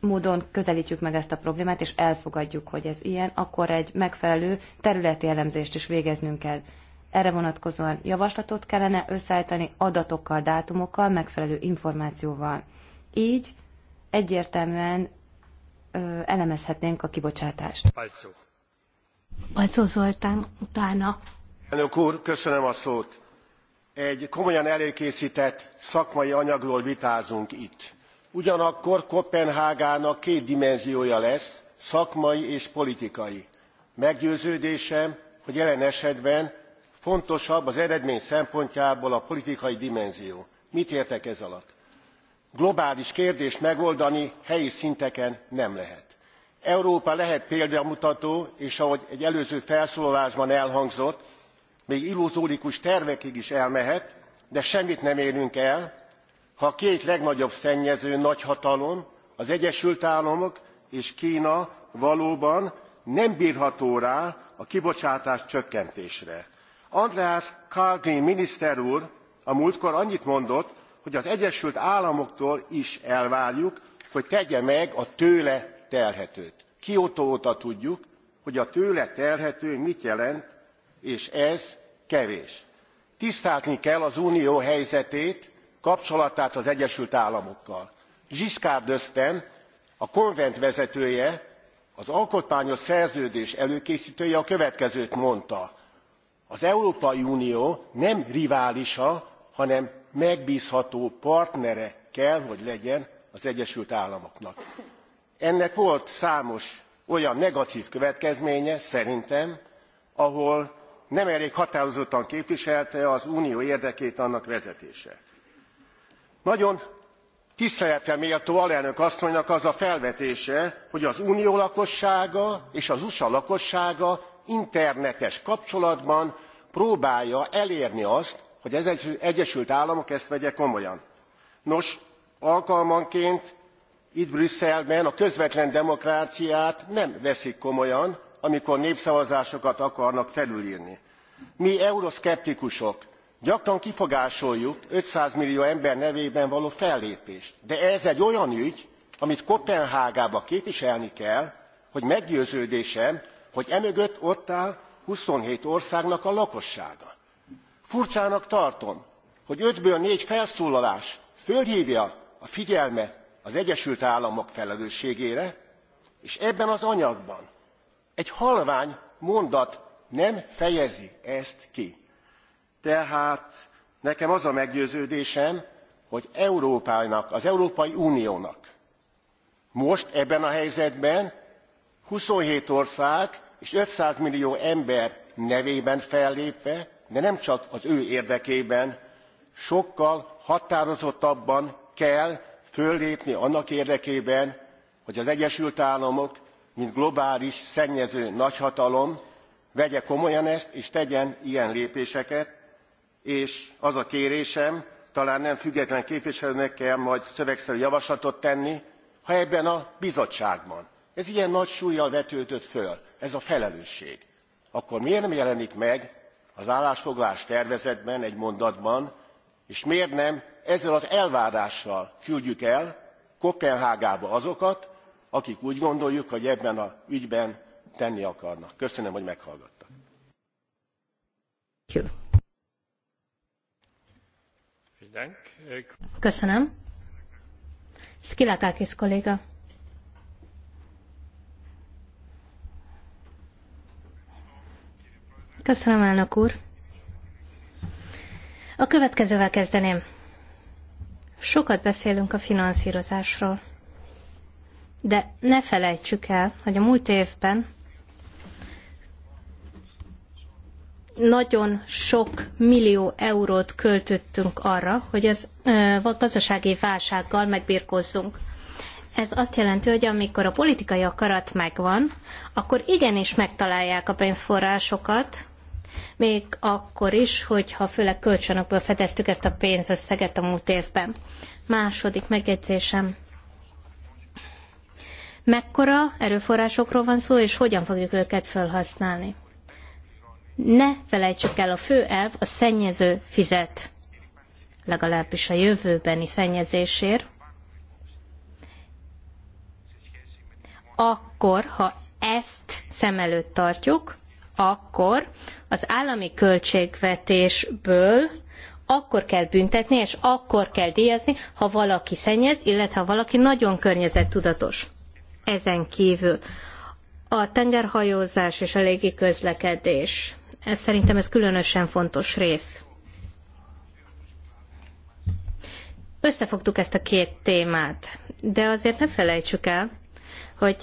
módon közelítjük meg ezt a problémát, és elfogadjuk, hogy ez ilyen, akkor egy megfelelő területi elemzést is végeznünk kell. Erre vonatkozóan javaslatot kellene összeállítani adatokkal, dátumokkal, megfelelő információval. Így egyértelműen ö, elemezhetnénk a kibocsátást. Balcó. Balcó Zoltán utána. Elnök úr, köszönöm a szót egy komolyan előkésztett szakmai anyagról vitázunk itt. ugyanakkor koppenhágának két dimenziója lesz szakmai és politikai. meggyőződésem hogy jelen esetben fontosabb az eredmény szempontjából a politikai dimenzió. mit értek ez alatt? globális kérdést megoldani helyi szinteken nem lehet. európa lehet példamutató és ahogy egy előző felszólalásban elhangzott még illuzórikus tervekig is elmehet de semmit nem érünk el ha a két legnagyobb szennyező nagyhatalom az egyesült államok és kna valóban nem brható rá a kibocsátás csökkentésre. andreas kalnin miniszter úr a múltkor annyit mondott hogy az egyesült államoktól is elvárjuk hogy tegye meg a tőle telhetőt. kiotó óta tudjuk hogy a tőle telhető mit jelent és ez kevés. tisztázni kell az unió helyzetét kapcsolatát az egyesült államokkal. giscard d'estaing a konvent vezetője az alkotmányos szerződés előkésztője a következőt mondta az európai unió nem riválisa hanem megbzható partnere kell hogy legyen az egyesült államoknak. ennek volt számos olyan negatv következménye szerintem ahol nem elég határozottan képviselte az unió érdekét annak vezetése. nagyon tiszteletre méltó alelnök asszonynak az a felvetése hogy az unió lakossága és az usa lakossága internetes kapcsolatban próbálja elérni azt hogy az egyesült államok ezt vegye komolyan. nos alkalmanként itt brüsszelben a közvetlen demokráciát nem veszik komolyan amikor népszavazásokat akarnak felülrni mi euroszkeptikusok gyakran kifogásoljuk five hundred millió ember nevében való fellépést de ez egy olyan ügy amit koppenhágában képviselni kell hogy meggyőződésem hogy emögött ott áll twenty seven országnak a lakossága. furcsának tartom hogy ötből négy felszólalás fölhvja a figyelmet az egyesült államok felelősségére és ebben az anyagban egy halvány mondat nem fejezi ezt ki. tehát nekem az a meggyőződésem hogy európának az európai uniónak most ebben a helyzetben twenty seven ország és five hundred millió ember nevében fellépve de nem csak az ő érdekében sokkal határozottabban kell föllépni annak érdekében hogy az egyesült államok mint globális szennyező nagyhatalom vegye komolyan ezt és tegyen ilyen lépéseket és az a kérésem talán nem független képviselőnek kell majd szövegszerű javaslatot tenni ha ebben a bizottságban ez ilyen nagy súllyal vetődött föl ez a felelősség akkor miért nem jelenik meg az állásfoglalás tervezetben egy mondatban és miért nem ezzel az elvárással küldjük el koppenhágába azokat akik úgy gondoljuk hogy ebben az ügyben tenni akarnak. Köszönöm, hogy meghallgattak. Köszönöm. Szkilakákis kolléga. Köszönöm, elnök úr. A következővel kezdeném. Sokat beszélünk a finanszírozásról, de ne felejtsük el, hogy a múlt évben nagyon sok millió eurót költöttünk arra, hogy az gazdasági válsággal megbirkózzunk. Ez azt jelenti, hogy amikor a politikai akarat megvan, akkor igenis megtalálják a pénzforrásokat, még akkor is, hogyha főleg kölcsönökből fedeztük ezt a pénzösszeget a múlt évben. Második megjegyzésem. Mekkora erőforrásokról van szó, és hogyan fogjuk őket felhasználni? ne felejtsük el, a fő elv a szennyező fizet, legalábbis a jövőbeni szennyezésért, akkor, ha ezt szem előtt tartjuk, akkor az állami költségvetésből akkor kell büntetni, és akkor kell díjazni, ha valaki szennyez, illetve ha valaki nagyon környezettudatos. Ezen kívül a tengerhajózás és a légi közlekedés ez szerintem ez különösen fontos rész. Összefogtuk ezt a két témát, de azért ne felejtsük el, hogy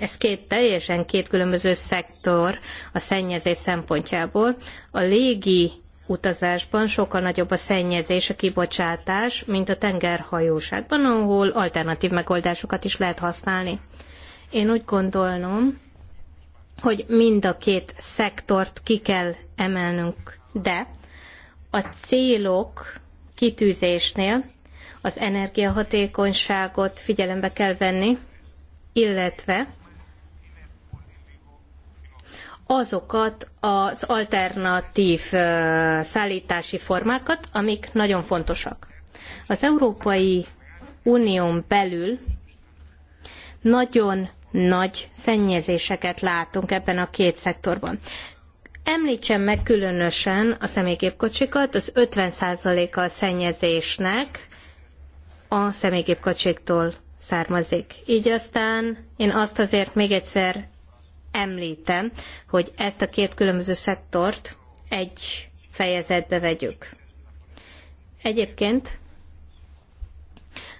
ez két teljesen két különböző szektor a szennyezés szempontjából. A légi utazásban sokkal nagyobb a szennyezés, a kibocsátás, mint a tengerhajóságban, ahol alternatív megoldásokat is lehet használni. Én úgy gondolom, hogy mind a két szektort ki kell emelnünk, de a célok kitűzésnél az energiahatékonyságot figyelembe kell venni, illetve azokat az alternatív szállítási formákat, amik nagyon fontosak. Az Európai Unión belül nagyon nagy szennyezéseket látunk ebben a két szektorban. Említsen meg különösen a személygépkocsikat, az 50%-a a szennyezésnek a személygépkocsiktól származik. Így aztán én azt azért még egyszer említem, hogy ezt a két különböző szektort egy fejezetbe vegyük. Egyébként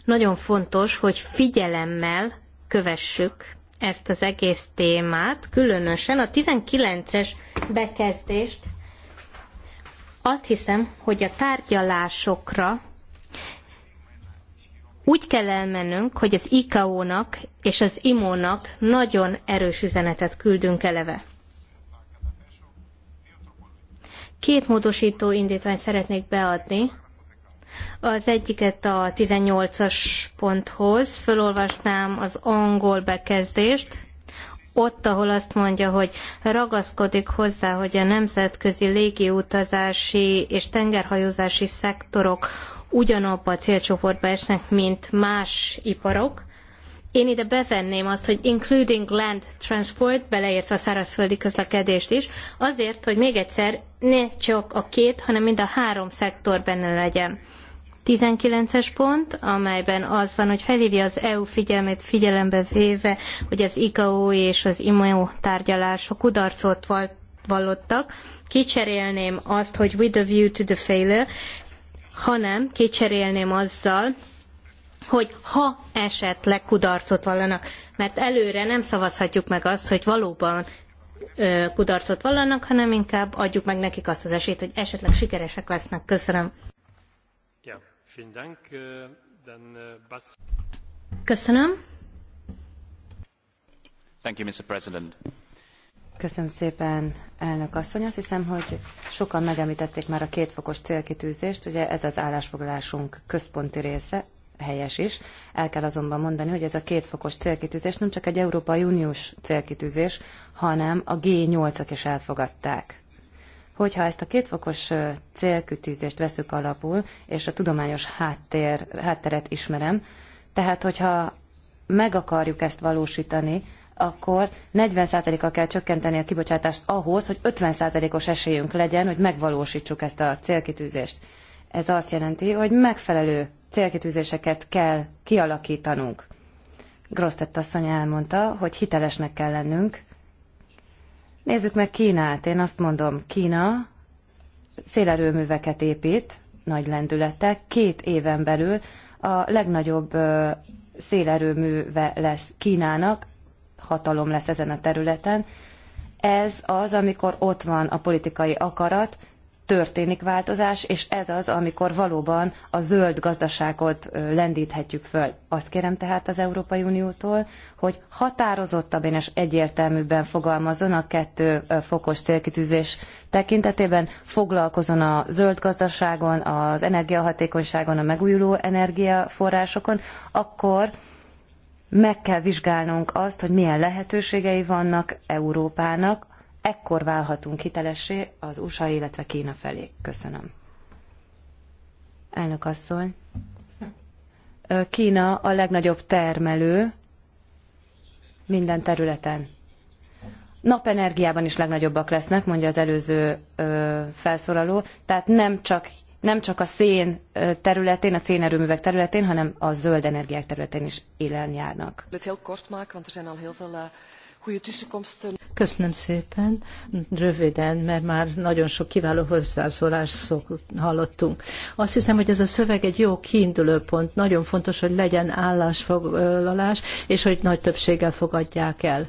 nagyon fontos, hogy figyelemmel kövessük ezt az egész témát, különösen a 19-es bekezdést, azt hiszem, hogy a tárgyalásokra úgy kell elmennünk, hogy az iko nak és az IMO-nak nagyon erős üzenetet küldünk eleve. Két módosító indítványt szeretnék beadni, az egyiket a 18-as ponthoz, fölolvasnám az angol bekezdést, ott, ahol azt mondja, hogy ragaszkodik hozzá, hogy a nemzetközi légiutazási és tengerhajózási szektorok ugyanabba a célcsoportba esnek, mint más iparok. Én ide bevenném azt, hogy including land transport, beleértve a szárazföldi közlekedést is, azért, hogy még egyszer ne csak a két, hanem mind a három szektor benne legyen. 19-es pont, amelyben az van, hogy felhívja az EU figyelmét figyelembe véve, hogy az ICAO és az IMO tárgyalások kudarcot vallottak. Kicserélném azt, hogy with a view to the failure, hanem kicserélném azzal, hogy ha esetleg kudarcot vallanak, mert előre nem szavazhatjuk meg azt, hogy valóban kudarcot vallanak, hanem inkább adjuk meg nekik azt az esélyt, hogy esetleg sikeresek lesznek. Köszönöm. Äh, äh, Köszönöm. Thank you, Mr. President. Köszönöm szépen, elnök asszony. Azt hiszem, hogy sokan megemlítették már a kétfokos célkitűzést, ugye ez az állásfoglalásunk központi része, helyes is. El kell azonban mondani, hogy ez a kétfokos célkitűzés nem csak egy Európai Uniós célkitűzés, hanem a G8-ak is elfogadták hogyha ezt a kétfokos célkütűzést veszük alapul, és a tudományos háttér, hátteret ismerem, tehát hogyha meg akarjuk ezt valósítani, akkor 40%-kal kell csökkenteni a kibocsátást ahhoz, hogy 50%-os esélyünk legyen, hogy megvalósítsuk ezt a célkitűzést. Ez azt jelenti, hogy megfelelő célkitűzéseket kell kialakítanunk. Grosztett asszony elmondta, hogy hitelesnek kell lennünk, Nézzük meg Kínát. Én azt mondom, Kína szélerőműveket épít, nagy lendületek, két éven belül a legnagyobb szélerőműve lesz Kínának, hatalom lesz ezen a területen. Ez az, amikor ott van a politikai akarat, történik változás, és ez az, amikor valóban a zöld gazdaságot lendíthetjük föl. Azt kérem tehát az Európai Uniótól, hogy határozottabban és egyértelműbben fogalmazzon a kettő fokos célkitűzés tekintetében, foglalkozon a zöld gazdaságon, az energiahatékonyságon, a megújuló energiaforrásokon, akkor meg kell vizsgálnunk azt, hogy milyen lehetőségei vannak Európának, ekkor válhatunk hitelessé az USA, illetve Kína felé. Köszönöm. Elnök asszony. Kína a legnagyobb termelő minden területen. Napenergiában is legnagyobbak lesznek, mondja az előző ö, felszólaló. Tehát nem csak, nem csak a szén területén, a szénerőművek területén, hanem a zöld energiák területén is élen járnak goede tussenkomsten. Köszönöm szépen, röviden, mert már nagyon sok kiváló hozzászólást hallottunk. Azt hiszem, hogy ez a szöveg egy jó kiinduló pont. Nagyon fontos, hogy legyen állásfoglalás, és hogy nagy többséggel fogadják el.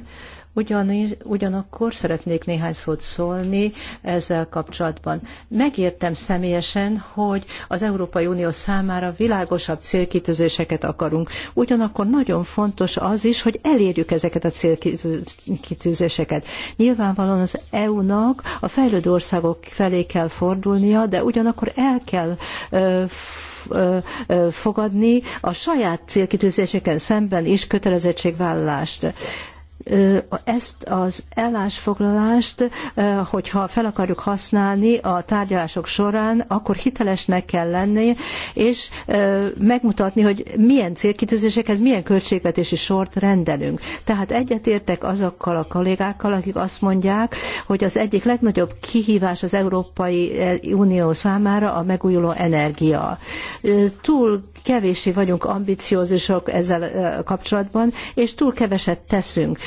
Ugyanis, ugyanakkor szeretnék néhány szót szólni ezzel kapcsolatban. Megértem személyesen, hogy az Európai Unió számára világosabb célkitűzéseket akarunk. Ugyanakkor nagyon fontos az is, hogy elérjük ezeket a célkitűzéseket. Nyilvánvalóan az EU-nak a fejlődő országok felé kell fordulnia, de ugyanakkor el kell ö, fogadni a saját célkitűzéseken szemben is kötelezettségvállalást ezt az állásfoglalást, hogyha fel akarjuk használni a tárgyalások során, akkor hitelesnek kell lenni, és megmutatni, hogy milyen célkitűzésekhez milyen költségvetési sort rendelünk. Tehát egyetértek azokkal a kollégákkal, akik azt mondják, hogy az egyik legnagyobb kihívás az Európai e, Unió számára a megújuló energia. Túl kevéssé vagyunk ambiciózusok ezzel kapcsolatban, és túl keveset teszünk.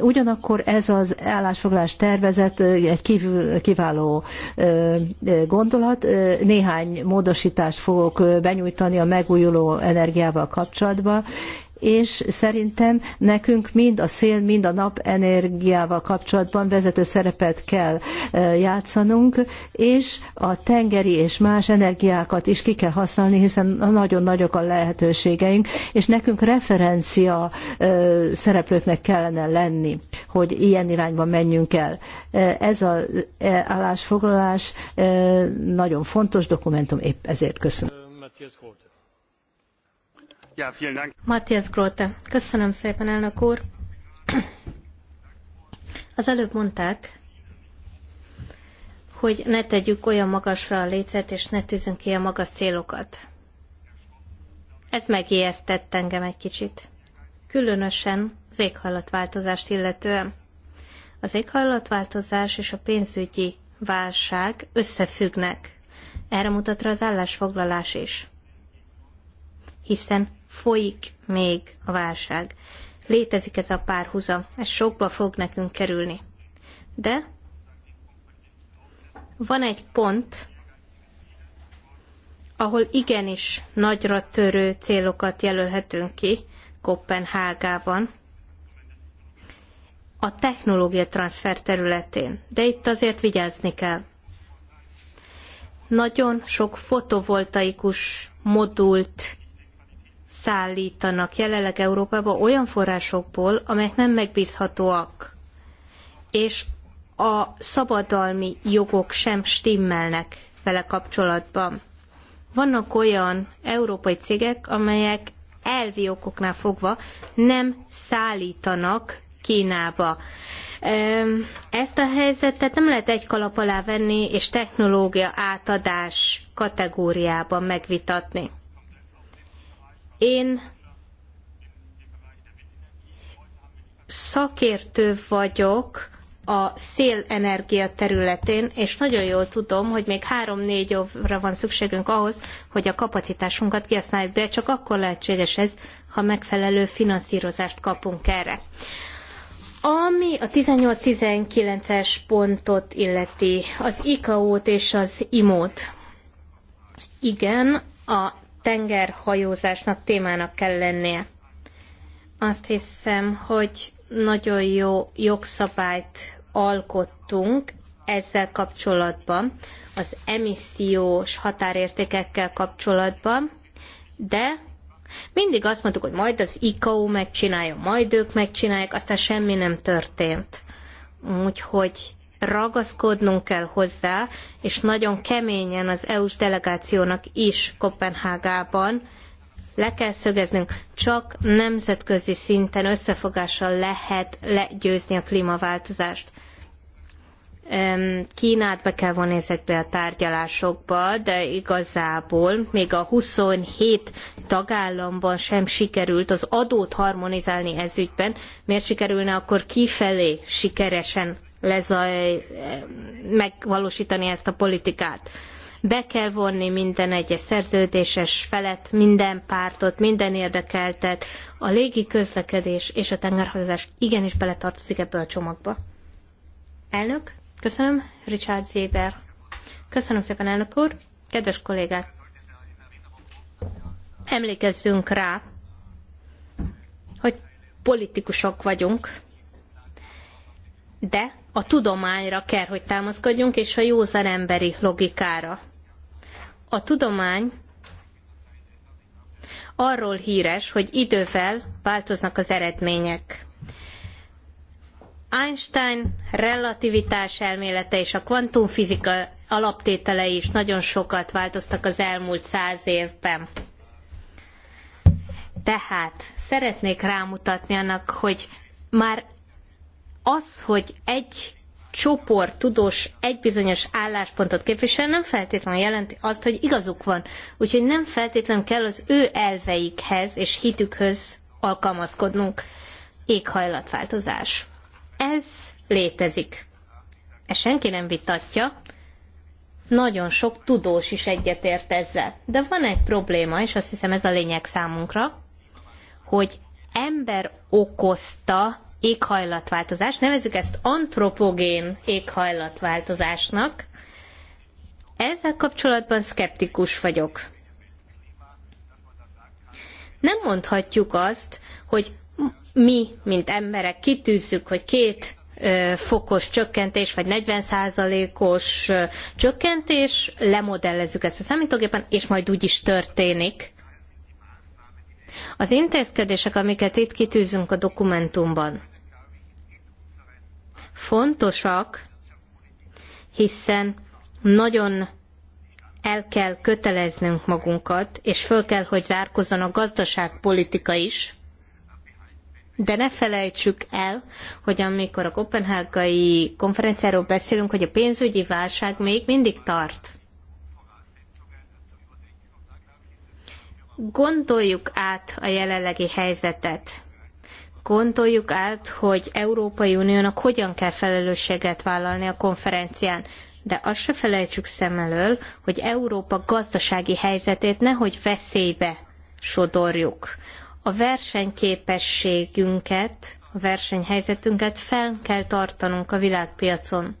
Ugyanakkor ez az állásfoglalás tervezet egy kiváló gondolat. Néhány módosítást fogok benyújtani a megújuló energiával kapcsolatban, és szerintem nekünk mind a szél, mind a nap energiával kapcsolatban vezető szerepet kell e, játszanunk, és a tengeri és más energiákat is ki kell használni, hiszen nagyon nagyok a lehetőségeink, és nekünk referencia e, szereplőknek kellene lenni, hogy ilyen irányba menjünk el. E, ez az állásfoglalás nagyon fontos dokumentum, épp ezért köszönöm. Matthias Matthias Grote. Köszönöm szépen, elnök úr. Az előbb mondták, hogy ne tegyük olyan magasra a lécet, és ne tűzünk ki a magas célokat. Ez megijesztett engem egy kicsit. Különösen az éghajlatváltozást illetően. Az éghajlatváltozás és a pénzügyi válság összefüggnek. Erre mutatra az állásfoglalás is. Hiszen folyik még a válság. Létezik ez a párhuzam, ez sokba fog nekünk kerülni. De van egy pont, ahol igenis nagyra törő célokat jelölhetünk ki Kopenhágában, a technológia transfer területén, de itt azért vigyázni kell. Nagyon sok fotovoltaikus modult szállítanak jelenleg Európába olyan forrásokból, amelyek nem megbízhatóak, és a szabadalmi jogok sem stimmelnek vele kapcsolatban. Vannak olyan európai cégek, amelyek elvi okoknál fogva nem szállítanak Kínába. Ezt a helyzetet nem lehet egy kalap alá venni és technológia átadás kategóriában megvitatni. Én szakértő vagyok a szélenergia területén, és nagyon jól tudom, hogy még három-négy óra van szükségünk ahhoz, hogy a kapacitásunkat kihasználjuk, de csak akkor lehetséges ez, ha megfelelő finanszírozást kapunk erre. Ami a 18-19-es pontot illeti, az ICAO-t és az IMO-t. Igen, a tengerhajózásnak témának kell lennie. Azt hiszem, hogy nagyon jó jogszabályt alkottunk ezzel kapcsolatban, az emissziós határértékekkel kapcsolatban, de mindig azt mondtuk, hogy majd az ICAO megcsinálja, majd ők megcsinálják, aztán semmi nem történt. Úgyhogy ragaszkodnunk kell hozzá, és nagyon keményen az EU-s delegációnak is Kopenhágában le kell szögeznünk, csak nemzetközi szinten összefogással lehet legyőzni a klímaváltozást. Kínát be kell vonni ezekbe a tárgyalásokba, de igazából még a 27 tagállamban sem sikerült az adót harmonizálni ügyben. Miért sikerülne akkor kifelé sikeresen lezaj, megvalósítani ezt a politikát. Be kell vonni minden egyes szerződéses felet, minden pártot, minden érdekeltet. A légi közlekedés és a tengerhajózás igenis beletartozik ebbe a csomagba. Elnök, köszönöm, Richard Zéber. Köszönöm szépen, elnök úr. Kedves kollégák, emlékezzünk rá, hogy politikusok vagyunk, de a tudományra kell, hogy támaszkodjunk, és a józan emberi logikára. A tudomány arról híres, hogy idővel változnak az eredmények. Einstein relativitás elmélete és a kvantumfizika alaptételei is nagyon sokat változtak az elmúlt száz évben. Tehát szeretnék rámutatni annak, hogy már az, hogy egy csoport tudós egy bizonyos álláspontot képvisel, nem feltétlenül jelenti azt, hogy igazuk van. Úgyhogy nem feltétlenül kell az ő elveikhez és hitükhöz alkalmazkodnunk. Éghajlatváltozás. Ez létezik. Ezt senki nem vitatja. Nagyon sok tudós is egyetért ezzel. De van egy probléma, és azt hiszem ez a lényeg számunkra, hogy ember okozta éghajlatváltozás, nevezzük ezt antropogén éghajlatváltozásnak, ezzel kapcsolatban szkeptikus vagyok. Nem mondhatjuk azt, hogy mi, mint emberek kitűzzük, hogy két fokos csökkentés, vagy 40 százalékos csökkentés, lemodellezzük ezt a számítógépen, és majd úgy is történik. Az intézkedések, amiket itt kitűzünk a dokumentumban, fontosak, hiszen nagyon el kell köteleznünk magunkat, és föl kell, hogy zárkozzon a gazdaságpolitika is, de ne felejtsük el, hogy amikor a kopenhágai konferenciáról beszélünk, hogy a pénzügyi válság még mindig tart. Gondoljuk át a jelenlegi helyzetet. Gondoljuk át, hogy Európai Uniónak hogyan kell felelősséget vállalni a konferencián. De azt se felejtsük szem elől, hogy Európa gazdasági helyzetét nehogy veszélybe sodorjuk. A versenyképességünket, a versenyhelyzetünket fel kell tartanunk a világpiacon.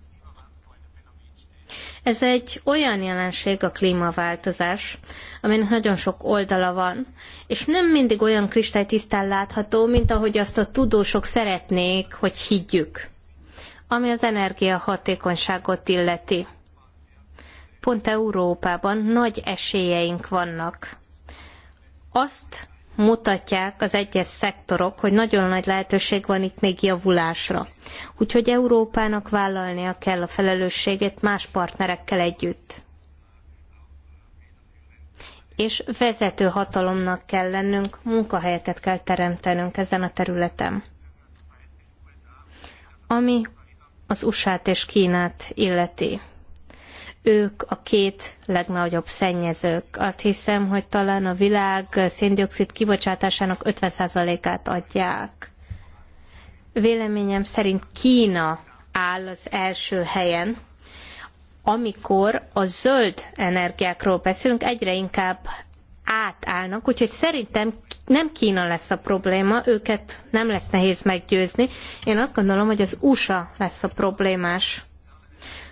Ez egy olyan jelenség a klímaváltozás, aminek nagyon sok oldala van, és nem mindig olyan kristálytisztán látható, mint ahogy azt a tudósok szeretnék, hogy higgyük, ami az energiahatékonyságot illeti. Pont Európában nagy esélyeink vannak. Azt mutatják az egyes szektorok, hogy nagyon nagy lehetőség van itt még javulásra. Úgyhogy Európának vállalnia kell a felelősséget más partnerekkel együtt. És vezető hatalomnak kell lennünk, munkahelyeket kell teremtenünk ezen a területen. Ami az USA-t és Kínát illeti ők a két legnagyobb szennyezők. Azt hiszem, hogy talán a világ széndiokszid kibocsátásának 50%-át adják. Véleményem szerint Kína áll az első helyen, amikor a zöld energiákról beszélünk, egyre inkább átállnak, úgyhogy szerintem nem Kína lesz a probléma, őket nem lesz nehéz meggyőzni. Én azt gondolom, hogy az USA lesz a problémás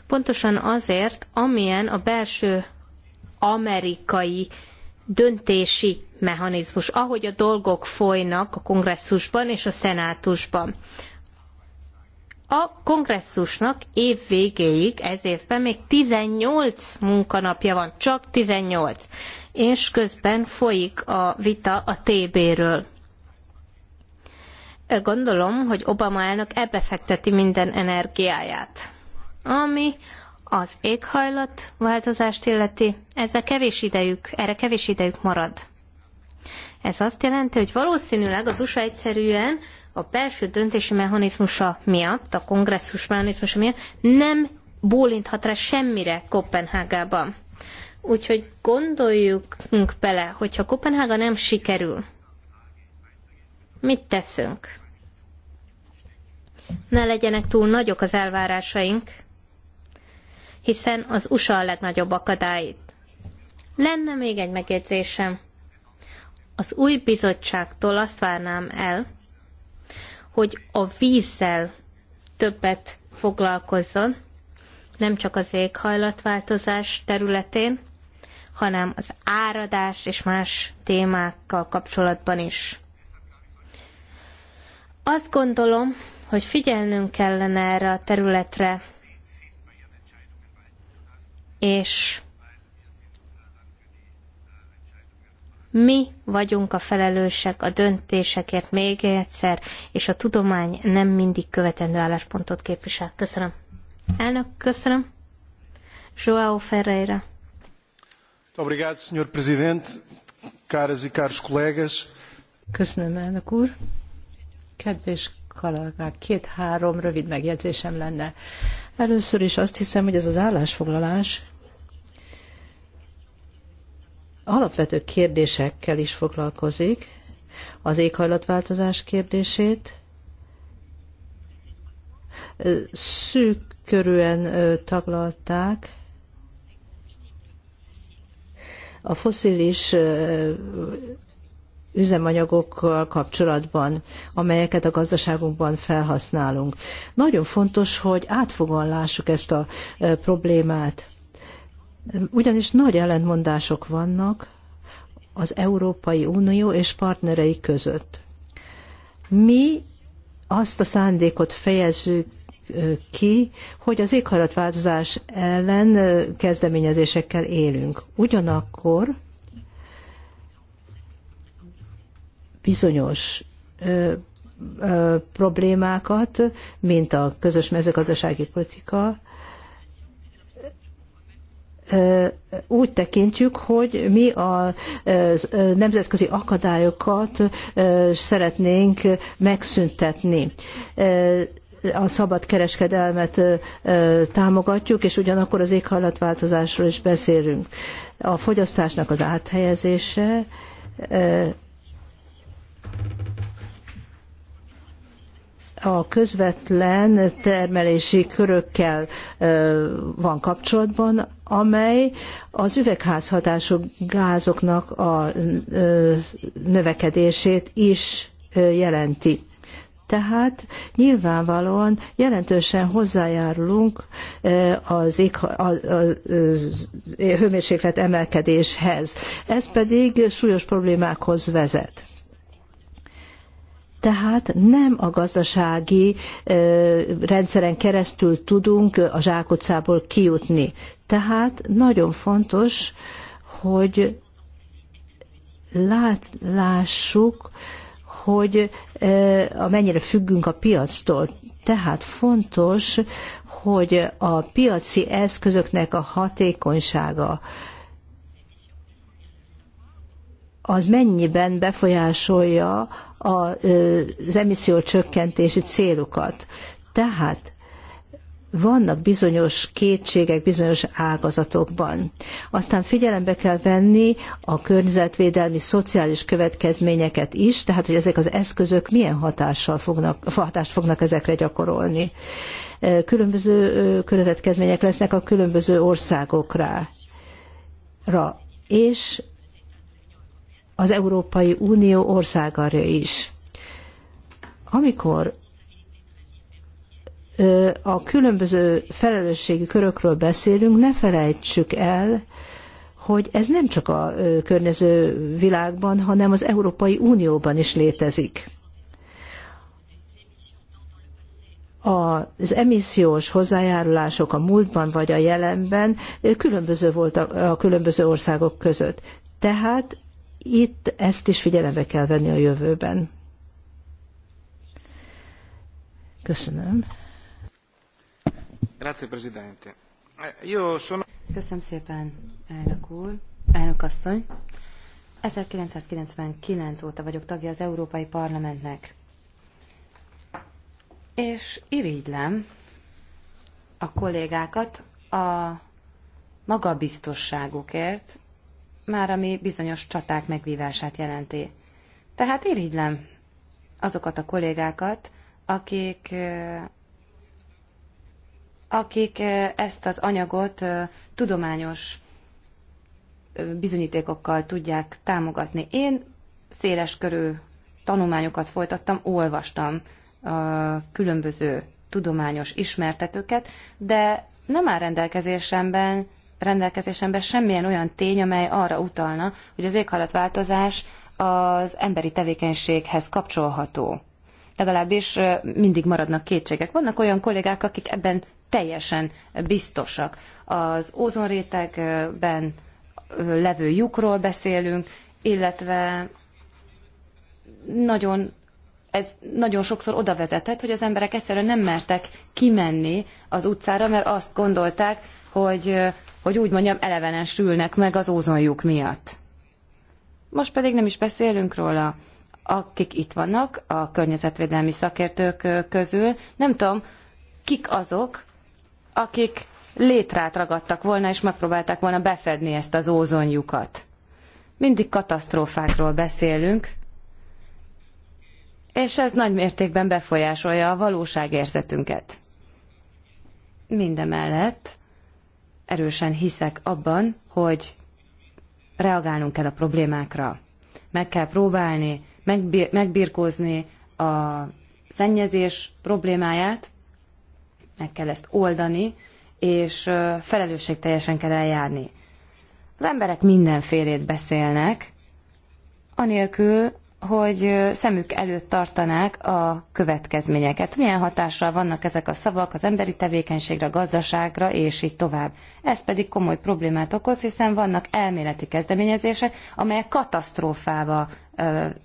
pontosan azért, amilyen a belső amerikai döntési mechanizmus, ahogy a dolgok folynak a kongresszusban és a szenátusban. A kongresszusnak év végéig, ez évben még 18 munkanapja van, csak 18, és közben folyik a vita a TB-ről. Gondolom, hogy Obama elnök ebbe fekteti minden energiáját. Ami az éghajlat változást illeti, ezzel kevés idejük, erre kevés idejük marad. Ez azt jelenti, hogy valószínűleg az USA egyszerűen a belső döntési mechanizmusa miatt, a kongresszus mechanizmusa miatt nem bólinthat rá semmire Kopenhágában. Úgyhogy gondoljuk bele, hogyha Kopenhága nem sikerül, mit teszünk? Ne legyenek túl nagyok az elvárásaink, hiszen az USA a legnagyobb akadály. Lenne még egy megjegyzésem. Az új bizottságtól azt várnám el, hogy a vízzel többet foglalkozzon, nem csak az éghajlatváltozás területén, hanem az áradás és más témákkal kapcsolatban is. Azt gondolom, hogy figyelnünk kellene erre a területre, és mi vagyunk a felelősek a döntésekért még egyszer, és a tudomány nem mindig követendő álláspontot képvisel. Köszönöm. Elnök, köszönöm. João Ferreira. Obrigado, Sr. Presidente, caras e caros colegas. Köszönöm, elnök úr. Kedves kollégák, két-három rövid megjegyzésem lenne. Először is azt hiszem, hogy ez az állásfoglalás alapvető kérdésekkel is foglalkozik, az éghajlatváltozás kérdését, szűk körülön taglalták, a foszilis üzemanyagokkal kapcsolatban, amelyeket a gazdaságunkban felhasználunk. Nagyon fontos, hogy átfogóan lássuk ezt a problémát. Ugyanis nagy ellentmondások vannak az Európai Unió és partnerei között. Mi azt a szándékot fejezzük ki, hogy az éghajlatváltozás ellen kezdeményezésekkel élünk. Ugyanakkor bizonyos ö, ö, problémákat, mint a közös mezőgazdasági politika, úgy tekintjük, hogy mi a nemzetközi akadályokat szeretnénk megszüntetni a szabad kereskedelmet támogatjuk, és ugyanakkor az éghajlatváltozásról is beszélünk. A fogyasztásnak az áthelyezése a közvetlen termelési körökkel van kapcsolatban, amely az üvegházhatású gázoknak a növekedését is jelenti. Tehát nyilvánvalóan jelentősen hozzájárulunk az, ég, az hőmérséklet emelkedéshez. Ez pedig súlyos problémákhoz vezet. Tehát nem a gazdasági rendszeren keresztül tudunk a zsákutcából kijutni. Tehát nagyon fontos, hogy lát, lássuk, hogy amennyire függünk a piactól. Tehát fontos, hogy a piaci eszközöknek a hatékonysága az mennyiben befolyásolja az emisszió csökkentési célokat. Tehát vannak bizonyos kétségek bizonyos ágazatokban. Aztán figyelembe kell venni a környezetvédelmi, szociális következményeket is, tehát hogy ezek az eszközök milyen hatással fognak, hatást fognak ezekre gyakorolni. Különböző következmények lesznek a különböző országokra. És az Európai Unió országára is. Amikor a különböző felelősségi körökről beszélünk, ne felejtsük el, hogy ez nem csak a környező világban, hanem az Európai Unióban is létezik. Az emissziós hozzájárulások a múltban vagy a jelenben különböző voltak a különböző országok között. Tehát itt ezt is figyelembe kell venni a jövőben. Köszönöm. Grazie, Presidente. Eh, io sono... Köszönöm szépen, elnök úr, elnök asszony. 1999 óta vagyok tagja az Európai Parlamentnek. És irigylem a kollégákat a magabiztosságukért, már ami bizonyos csaták megvívását jelenti. Tehát irigylem azokat a kollégákat, akik, akik ezt az anyagot tudományos bizonyítékokkal tudják támogatni. Én széles körű tanulmányokat folytattam, olvastam a különböző tudományos ismertetőket, de nem áll rendelkezésemben rendelkezésemben semmilyen olyan tény, amely arra utalna, hogy az éghajlatváltozás az emberi tevékenységhez kapcsolható. Legalábbis mindig maradnak kétségek. Vannak olyan kollégák, akik ebben teljesen biztosak. Az ózonrétegben levő lyukról beszélünk, illetve nagyon ez nagyon sokszor oda vezetett, hogy az emberek egyszerűen nem mertek kimenni az utcára, mert azt gondolták, hogy hogy úgy mondjam, elevenen sülnek meg az ózonjuk miatt. Most pedig nem is beszélünk róla. Akik itt vannak, a környezetvédelmi szakértők közül, nem tudom, kik azok, akik létrát ragadtak volna, és megpróbálták volna befedni ezt az ózonjukat. Mindig katasztrófákról beszélünk, és ez nagy mértékben befolyásolja a valóságérzetünket. Mindemellett erősen hiszek abban, hogy reagálnunk kell a problémákra. Meg kell próbálni megbir- megbirkózni a szennyezés problémáját, meg kell ezt oldani, és felelősségteljesen kell eljárni. Az emberek mindenfélét beszélnek, anélkül, hogy szemük előtt tartanák a következményeket. Milyen hatással vannak ezek a szavak az emberi tevékenységre, a gazdaságra, és így tovább. Ez pedig komoly problémát okoz, hiszen vannak elméleti kezdeményezések, amelyek katasztrófába,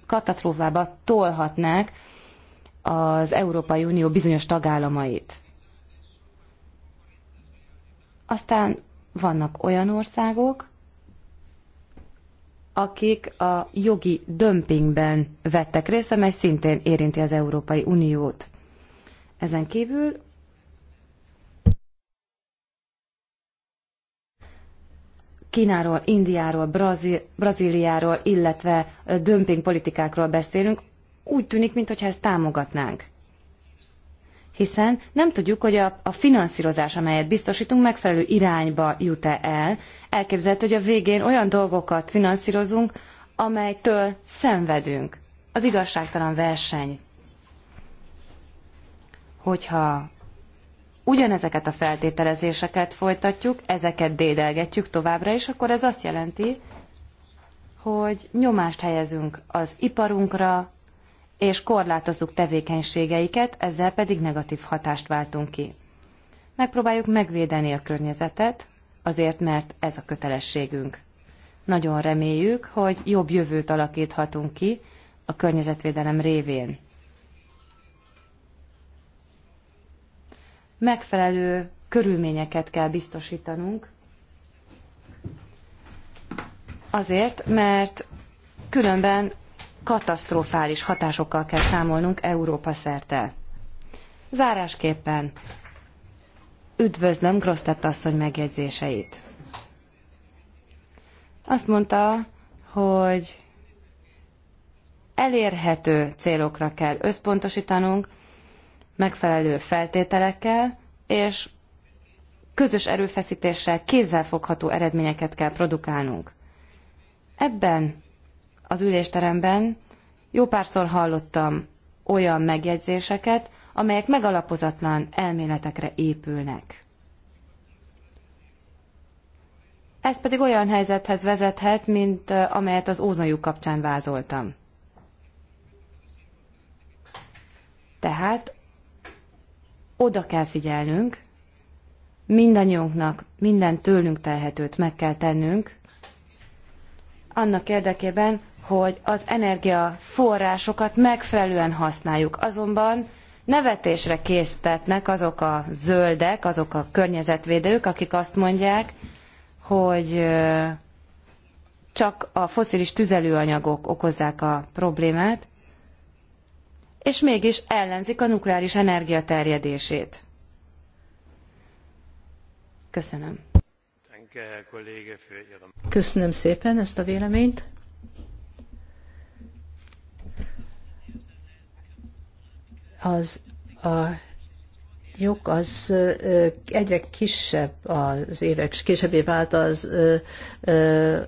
katasztrófába tolhatnák az Európai Unió bizonyos tagállamait. Aztán vannak olyan országok, akik a jogi dömpingben vettek részt, amely szintén érinti az Európai Uniót. Ezen kívül Kínáról, Indiáról, Brazí- Brazíliáról, illetve dömpingpolitikákról beszélünk, úgy tűnik, mintha ezt támogatnánk hiszen nem tudjuk, hogy a, a finanszírozás, amelyet biztosítunk, megfelelő irányba jut-e el. Elképzelhető, hogy a végén olyan dolgokat finanszírozunk, amelytől szenvedünk. Az igazságtalan verseny. Hogyha ugyanezeket a feltételezéseket folytatjuk, ezeket dédelgetjük továbbra is, akkor ez azt jelenti, hogy nyomást helyezünk az iparunkra, és korlátozzuk tevékenységeiket, ezzel pedig negatív hatást váltunk ki. Megpróbáljuk megvédeni a környezetet, azért mert ez a kötelességünk. Nagyon reméljük, hogy jobb jövőt alakíthatunk ki a környezetvédelem révén. Megfelelő körülményeket kell biztosítanunk, azért, mert különben katasztrofális hatásokkal kell számolnunk Európa szerte. Zárásképpen üdvözlöm Grosztett asszony megjegyzéseit. Azt mondta, hogy elérhető célokra kell összpontosítanunk, megfelelő feltételekkel, és közös erőfeszítéssel kézzelfogható eredményeket kell produkálnunk. Ebben az ülésteremben jó párszor hallottam olyan megjegyzéseket, amelyek megalapozatlan elméletekre épülnek. Ez pedig olyan helyzethez vezethet, mint amelyet az ózonjuk kapcsán vázoltam. Tehát oda kell figyelnünk, mindannyiunknak minden tőlünk telhetőt meg kell tennünk, annak érdekében, hogy az energiaforrásokat megfelelően használjuk. Azonban nevetésre késztetnek azok a zöldek, azok a környezetvédők, akik azt mondják, hogy csak a foszilis tüzelőanyagok okozzák a problémát, és mégis ellenzik a nukleáris energia terjedését. Köszönöm. Köszönöm szépen ezt a véleményt. az a lyuk az egyre kisebb az évek, kisebbé vált az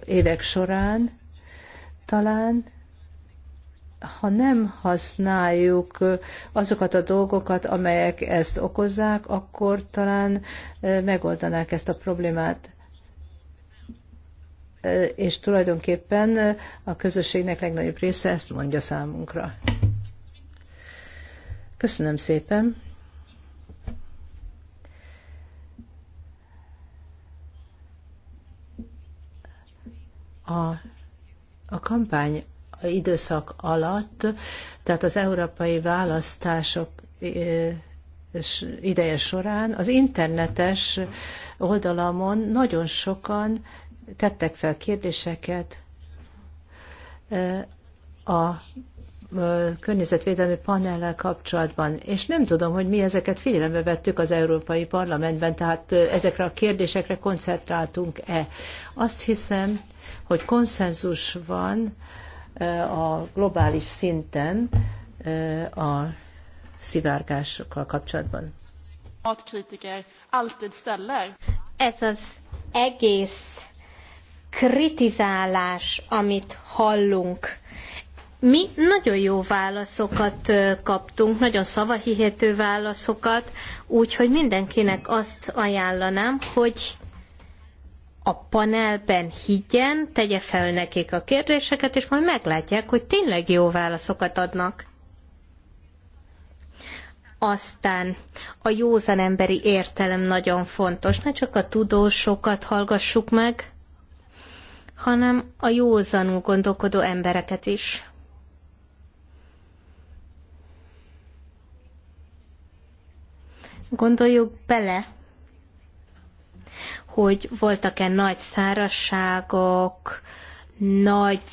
évek során, talán ha nem használjuk azokat a dolgokat, amelyek ezt okozzák, akkor talán megoldanák ezt a problémát. És tulajdonképpen a közösségnek legnagyobb része ezt mondja számunkra. Köszönöm szépen. A, a kampány időszak alatt, tehát az európai választások ideje során az internetes oldalamon nagyon sokan tettek fel kérdéseket a környezetvédelmi panellel kapcsolatban, és nem tudom, hogy mi ezeket figyelembe vettük az Európai Parlamentben, tehát ezekre a kérdésekre koncentráltunk-e. Azt hiszem, hogy konszenzus van a globális szinten a szivárgásokkal kapcsolatban. Ez az egész kritizálás, amit hallunk mi nagyon jó válaszokat kaptunk, nagyon szavahihető válaszokat, úgyhogy mindenkinek azt ajánlanám, hogy a panelben higgyen, tegye fel nekik a kérdéseket, és majd meglátják, hogy tényleg jó válaszokat adnak. Aztán a józan emberi értelem nagyon fontos. Ne csak a tudósokat hallgassuk meg, hanem a józanul gondolkodó embereket is. Gondoljuk bele, hogy voltak-e nagy szárazságok, nagy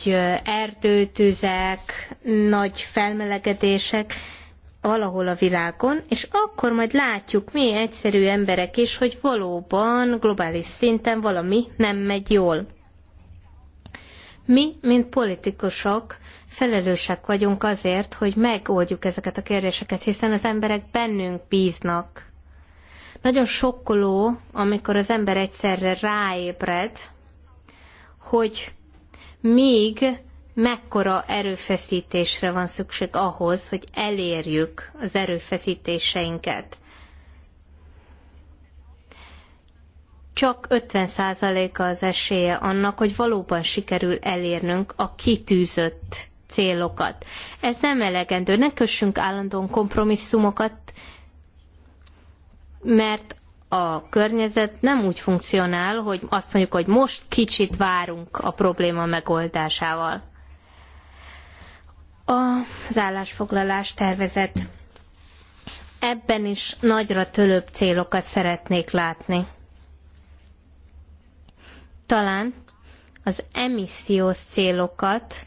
erdőtüzek, nagy felmelegedések valahol a világon, és akkor majd látjuk mi egyszerű emberek is, hogy valóban globális szinten valami nem megy jól. Mi, mint politikusok, felelősek vagyunk azért, hogy megoldjuk ezeket a kérdéseket, hiszen az emberek bennünk bíznak. Nagyon sokkoló, amikor az ember egyszerre ráébred, hogy még mekkora erőfeszítésre van szükség ahhoz, hogy elérjük az erőfeszítéseinket. Csak 50%-a az esélye annak, hogy valóban sikerül elérnünk a kitűzött célokat. Ez nem elegendő. Ne kössünk állandóan kompromisszumokat, mert a környezet nem úgy funkcionál, hogy azt mondjuk, hogy most kicsit várunk a probléma megoldásával. Az állásfoglalás tervezet. Ebben is nagyra tölöbb célokat szeretnék látni. Talán az emissziós célokat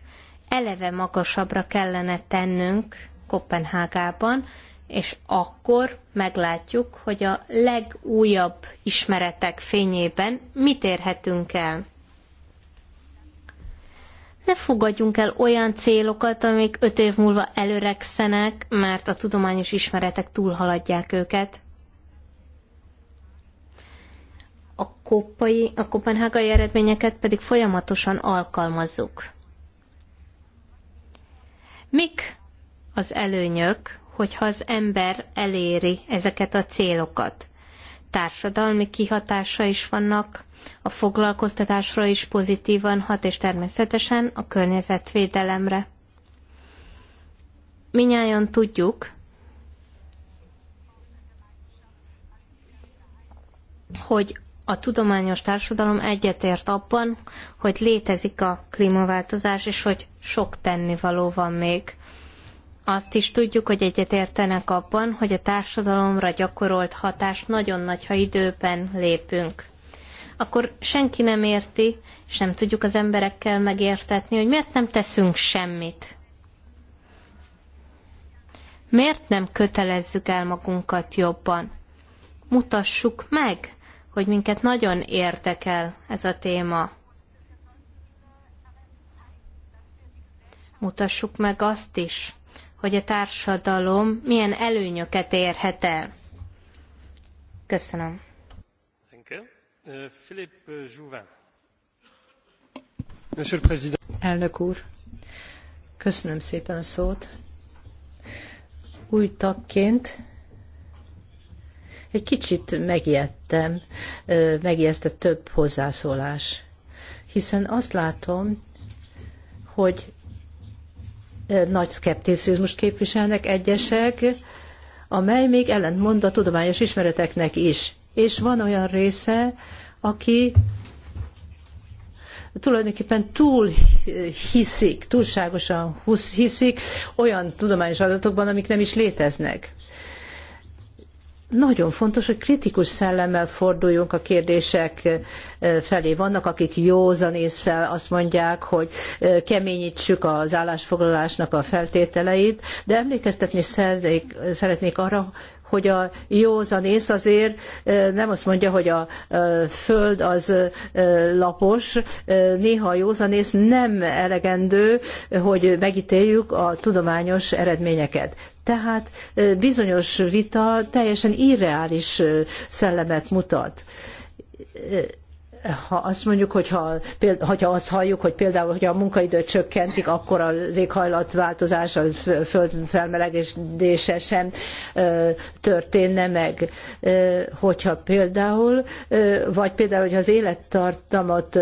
eleve magasabbra kellene tennünk Kopenhágában, és akkor meglátjuk, hogy a legújabb ismeretek fényében mit érhetünk el. Ne fogadjunk el olyan célokat, amik öt év múlva előregszenek, mert a tudományos ismeretek túlhaladják őket. A, kopai, a kopenhágai eredményeket pedig folyamatosan alkalmazzuk. Mik az előnyök, hogyha az ember eléri ezeket a célokat. Társadalmi kihatása is vannak, a foglalkoztatásra is pozitívan hat, és természetesen a környezetvédelemre. Minnyáján tudjuk, hogy a tudományos társadalom egyetért abban, hogy létezik a klímaváltozás, és hogy sok tennivaló van még. Azt is tudjuk, hogy egyetértenek abban, hogy a társadalomra gyakorolt hatás nagyon nagy, ha időben lépünk. Akkor senki nem érti, és nem tudjuk az emberekkel megértetni, hogy miért nem teszünk semmit. Miért nem kötelezzük el magunkat jobban? Mutassuk meg, hogy minket nagyon érdekel ez a téma. Mutassuk meg azt is, hogy a társadalom milyen előnyöket érhet el. Köszönöm. Uh, Elnök úr, köszönöm szépen a szót. Új tagként egy kicsit megijedtem, megijesztett több hozzászólás, hiszen azt látom, hogy nagy szkepticizmust képviselnek egyesek, amely még ellentmond a tudományos ismereteknek is. És van olyan része, aki tulajdonképpen túl hiszik, túlságosan hiszik olyan tudományos adatokban, amik nem is léteznek nagyon fontos, hogy kritikus szellemmel forduljunk a kérdések felé. Vannak, akik józan észre azt mondják, hogy keményítsük az állásfoglalásnak a feltételeit, de emlékeztetni szeretnék arra, hogy a józan ész azért nem azt mondja, hogy a föld az lapos, néha a ész nem elegendő, hogy megítéljük a tudományos eredményeket. Tehát bizonyos vita teljesen irreális szellemet mutat ha azt mondjuk, hogyha, hogyha azt halljuk, hogy például, hogyha a munkaidőt csökkentik, akkor az éghajlatváltozás, a föld felmelegedése sem történne meg. Hogyha például, vagy például, hogyha az élettartamot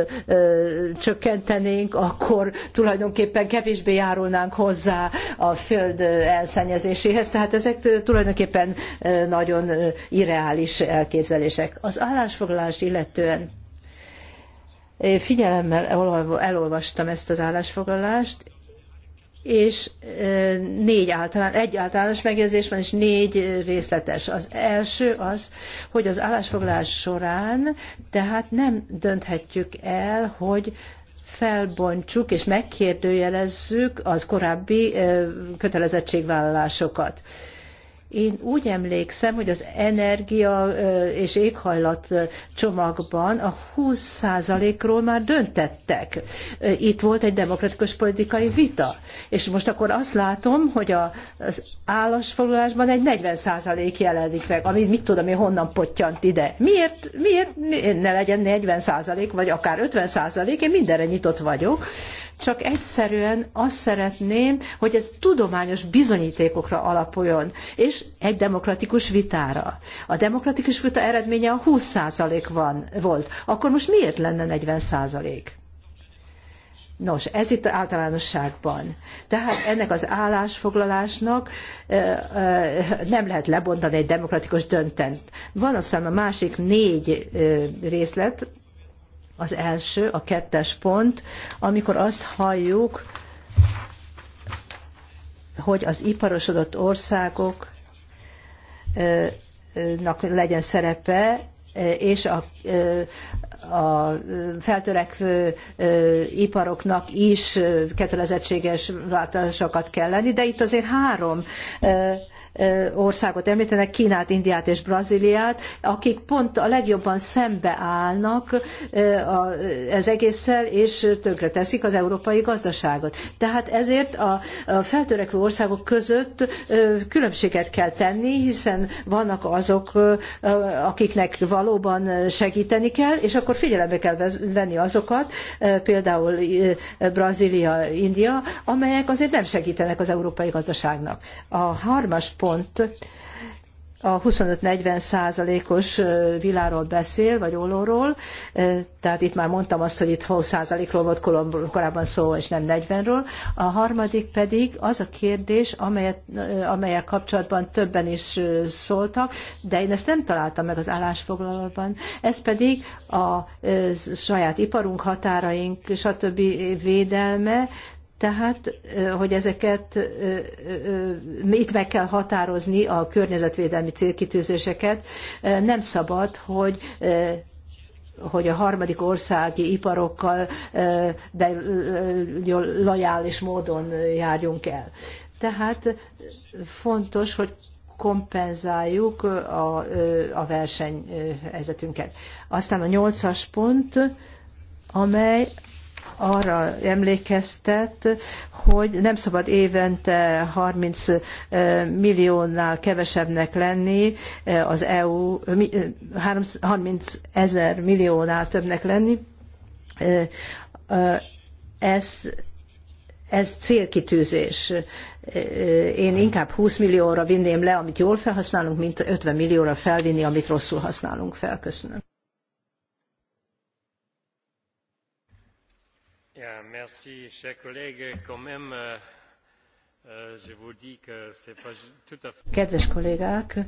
csökkentenénk, akkor tulajdonképpen kevésbé járulnánk hozzá a föld elszennyezéséhez. Tehát ezek tulajdonképpen nagyon irreális elképzelések. Az állásfoglalást illetően Figyelemmel elolvastam ezt az állásfoglalást, és négy általán, egy általános megjegyzés van, és négy részletes. Az első az, hogy az állásfoglalás során tehát nem dönthetjük el, hogy felbontsuk és megkérdőjelezzük az korábbi kötelezettségvállalásokat. Én úgy emlékszem, hogy az energia és éghajlat csomagban a 20%-ról már döntettek. Itt volt egy demokratikus politikai vita. És most akkor azt látom, hogy az állásfoglalásban egy 40% jelenik meg, ami mit tudom én honnan pottyant ide. Miért, miért ne legyen 40% vagy akár 50%? Én mindenre nyitott vagyok csak egyszerűen azt szeretném, hogy ez tudományos bizonyítékokra alapuljon, és egy demokratikus vitára. A demokratikus vita eredménye a 20% van, volt. Akkor most miért lenne 40%? Nos, ez itt általánosságban. Tehát ennek az állásfoglalásnak nem lehet lebontani egy demokratikus döntent. Van aztán a másik négy részlet, az első, a kettes pont, amikor azt halljuk, hogy az iparosodott országoknak legyen szerepe, és a, a feltörekvő iparoknak is kötelezettséges változásokat kell lenni, de itt azért három országot említenek, Kínát, Indiát és Brazíliát, akik pont a legjobban szembeállnak az egésszel, és tönkreteszik az európai gazdaságot. Tehát ezért a feltörekvő országok között különbséget kell tenni, hiszen vannak azok, akiknek valóban segíteni kell, és akkor figyelembe kell venni azokat, például Brazília, India, amelyek azért nem segítenek az európai gazdaságnak. A harmas pont a 25-40 százalékos viláról beszél, vagy ollóról, tehát itt már mondtam azt, hogy itt 20 százalékról volt korábban szó, és nem 40-ről. A harmadik pedig az a kérdés, amelyet, amelyel kapcsolatban többen is szóltak, de én ezt nem találtam meg az állásfoglalóban. Ez pedig a saját iparunk, határaink, stb. védelme, tehát, hogy ezeket itt meg kell határozni a környezetvédelmi célkitűzéseket, nem szabad, hogy hogy a harmadik országi iparokkal de lojális módon járjunk el. Tehát fontos, hogy kompenzáljuk a, a versenyhelyzetünket. Aztán a nyolcas pont, amely arra emlékeztet, hogy nem szabad évente 30 milliónál kevesebbnek lenni, az EU 30 ezer milliónál többnek lenni. Ez, ez célkitűzés. Én inkább 20 millióra vinném le, amit jól felhasználunk, mint 50 millióra felvinni, amit rosszul használunk fel. Köszönöm. Merci, Quand même, euh, euh, je vous dis que c'est pas tout à fait... Kedves kollégák,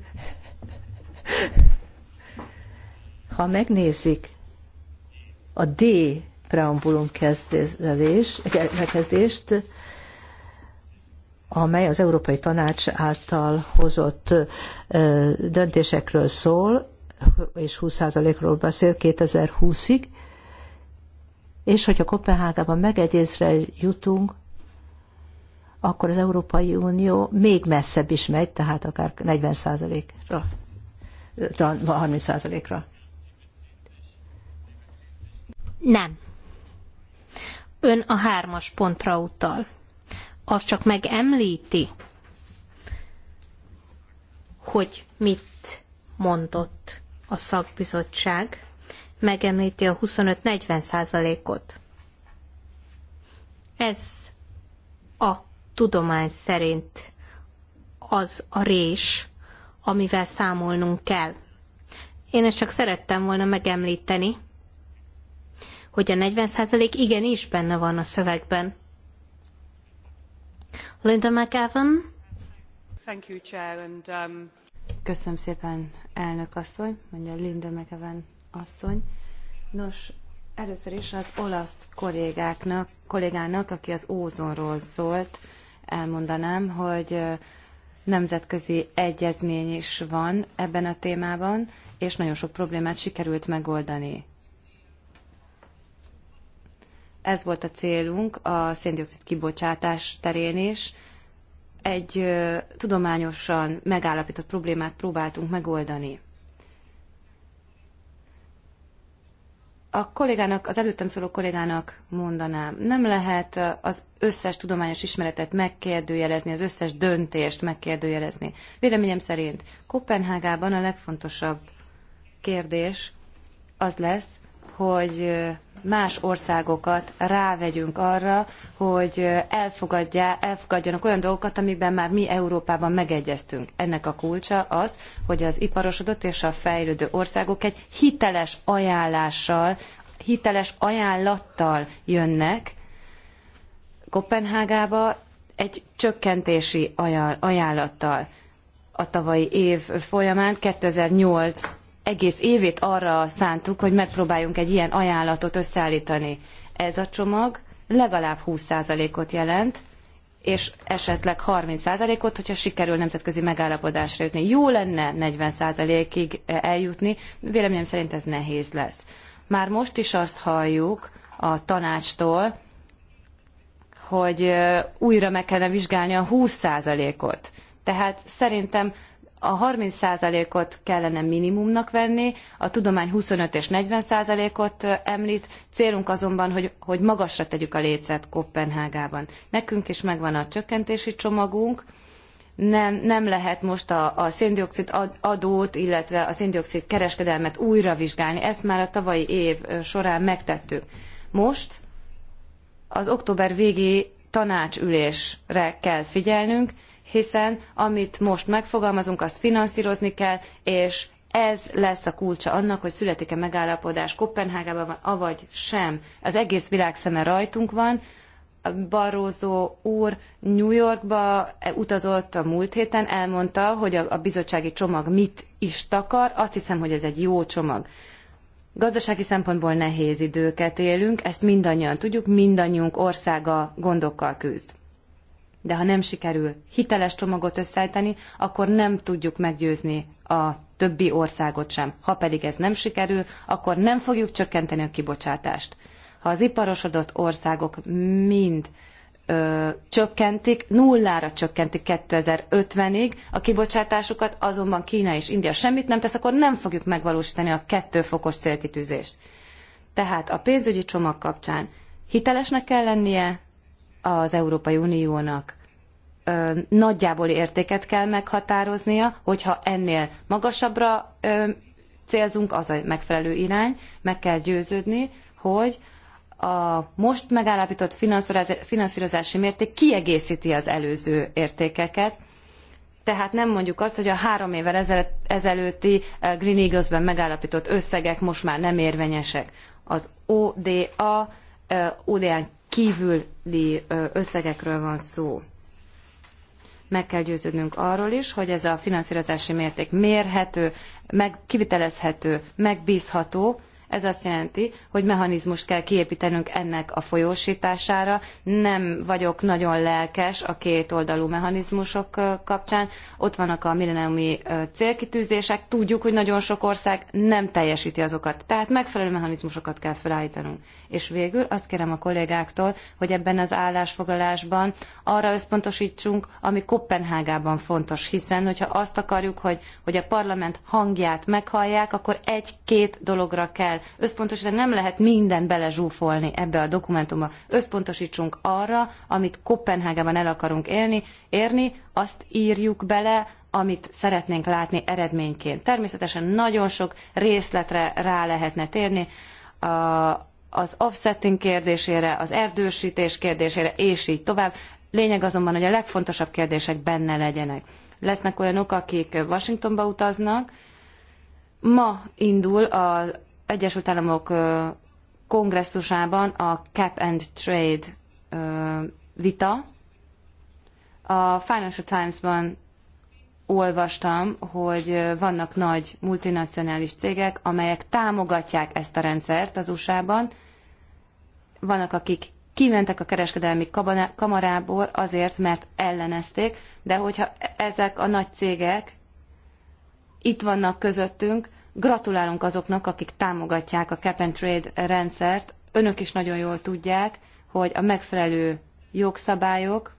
ha megnézik a D preambulum kezdés, kezdést, amely az Európai Tanács által hozott döntésekről szól, és 20%-ról beszél 2020-ig, és hogyha Kopenhágában megegyezre jutunk, akkor az Európai Unió még messzebb is megy, tehát akár 40%-ra, 30%-ra. Nem. Ön a hármas pontra utal. Az csak megemlíti, hogy mit mondott a szakbizottság megemlíti a 25-40 százalékot. Ez a tudomány szerint az a rés, amivel számolnunk kell. Én ezt csak szerettem volna megemlíteni, hogy a 40% százalék igenis benne van a szövegben. Linda McEwan. Thank you, Chair, and, um... Köszönöm szépen, elnök asszony, mondja Linda McEwan asszony. Nos, először is az olasz kollégáknak, kollégának, aki az ózonról szólt, elmondanám, hogy nemzetközi egyezmény is van ebben a témában, és nagyon sok problémát sikerült megoldani. Ez volt a célunk a széndiokszid kibocsátás terén is. Egy tudományosan megállapított problémát próbáltunk megoldani. a kollégának, az előttem szóló kollégának mondanám, nem lehet az összes tudományos ismeretet megkérdőjelezni, az összes döntést megkérdőjelezni. Véleményem szerint Kopenhágában a legfontosabb kérdés az lesz, hogy más országokat rávegyünk arra, hogy elfogadja, elfogadjanak olyan dolgokat, amikben már mi Európában megegyeztünk. Ennek a kulcsa az, hogy az iparosodott és a fejlődő országok egy hiteles ajánlással, hiteles ajánlattal jönnek Kopenhágába egy csökkentési ajánlattal a tavalyi év folyamán 2008 egész évét arra szántuk, hogy megpróbáljunk egy ilyen ajánlatot összeállítani. Ez a csomag legalább 20%-ot jelent, és esetleg 30%-ot, hogyha sikerül nemzetközi megállapodásra jutni. Jó lenne 40%-ig eljutni, véleményem szerint ez nehéz lesz. Már most is azt halljuk a tanácstól, hogy újra meg kellene vizsgálni a 20%-ot. Tehát szerintem a 30%-ot kellene minimumnak venni, a tudomány 25 és 40%-ot említ, célunk azonban, hogy, hogy magasra tegyük a lécet Kopenhágában. Nekünk is megvan a csökkentési csomagunk, nem, nem lehet most a, a széndiokszid adót, illetve a széndiokszid kereskedelmet újra vizsgálni. Ezt már a tavalyi év során megtettük. Most az október végi tanácsülésre kell figyelnünk, hiszen amit most megfogalmazunk, azt finanszírozni kell, és ez lesz a kulcsa annak, hogy születik-e megállapodás Kopenhágában, avagy sem. Az egész világ szeme rajtunk van. Barroso úr New Yorkba utazott a múlt héten, elmondta, hogy a, a bizottsági csomag mit is takar. Azt hiszem, hogy ez egy jó csomag. Gazdasági szempontból nehéz időket élünk, ezt mindannyian tudjuk, mindannyiunk országa gondokkal küzd de ha nem sikerül hiteles csomagot összeállítani, akkor nem tudjuk meggyőzni a többi országot sem. Ha pedig ez nem sikerül, akkor nem fogjuk csökkenteni a kibocsátást. Ha az iparosodott országok mind ö, csökkentik, nullára csökkentik 2050-ig a kibocsátásukat, azonban Kína és India semmit nem tesz, akkor nem fogjuk megvalósítani a kettő fokos célkitűzést. Tehát a pénzügyi csomag kapcsán hitelesnek kell lennie, az Európai Uniónak ö, nagyjából értéket kell meghatároznia, hogyha ennél magasabbra ö, célzunk, az a megfelelő irány, meg kell győződni, hogy a most megállapított finanszírozási mérték kiegészíti az előző értékeket, tehát nem mondjuk azt, hogy a három évvel ezelőtti Green Eagles-ben megállapított összegek most már nem érvényesek. Az ODA, ODA-n kívüli összegekről van szó. Meg kell győződnünk arról is, hogy ez a finanszírozási mérték mérhető, meg, kivitelezhető, megbízható, ez azt jelenti, hogy mechanizmust kell kiépítenünk ennek a folyósítására. Nem vagyok nagyon lelkes a kétoldalú mechanizmusok kapcsán. Ott vannak a millenniumi célkitűzések. Tudjuk, hogy nagyon sok ország nem teljesíti azokat. Tehát megfelelő mechanizmusokat kell felállítanunk. És végül azt kérem a kollégáktól, hogy ebben az állásfoglalásban arra összpontosítsunk, ami Kopenhágában fontos, hiszen hogyha azt akarjuk, hogy, hogy a parlament hangját meghallják, akkor egy-két dologra kell összpontosítani, nem lehet minden belezsúfolni ebbe a dokumentumba. Összpontosítsunk arra, amit Kopenhágában el akarunk élni, érni, azt írjuk bele, amit szeretnénk látni eredményként. Természetesen nagyon sok részletre rá lehetne térni, az offsetting kérdésére, az erdősítés kérdésére, és így tovább. Lényeg azonban, hogy a legfontosabb kérdések benne legyenek. Lesznek olyanok, akik Washingtonba utaznak. Ma indul a Egyesült Államok kongresszusában a Cap and Trade vita. A Financial Times-ban olvastam, hogy vannak nagy multinacionális cégek, amelyek támogatják ezt a rendszert az USA-ban. Vannak, akik kimentek a kereskedelmi kamarából azért, mert ellenezték, de hogyha e-, ezek a nagy cégek itt vannak közöttünk, Gratulálunk azoknak, akik támogatják a cap and trade rendszert. Önök is nagyon jól tudják, hogy a megfelelő jogszabályok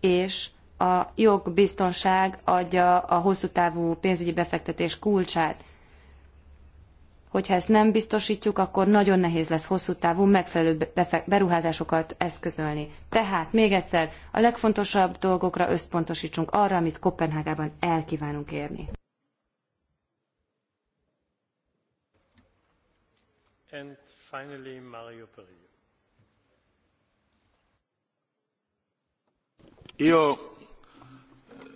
és a jogbiztonság adja a hosszú távú pénzügyi befektetés kulcsát. Hogyha ezt nem biztosítjuk, akkor nagyon nehéz lesz hosszú távú megfelelő beruházásokat eszközölni. Tehát még egyszer, a legfontosabb dolgokra összpontosítsunk arra, amit Kopenhágában el kívánunk érni. And finally, Mario Io eh,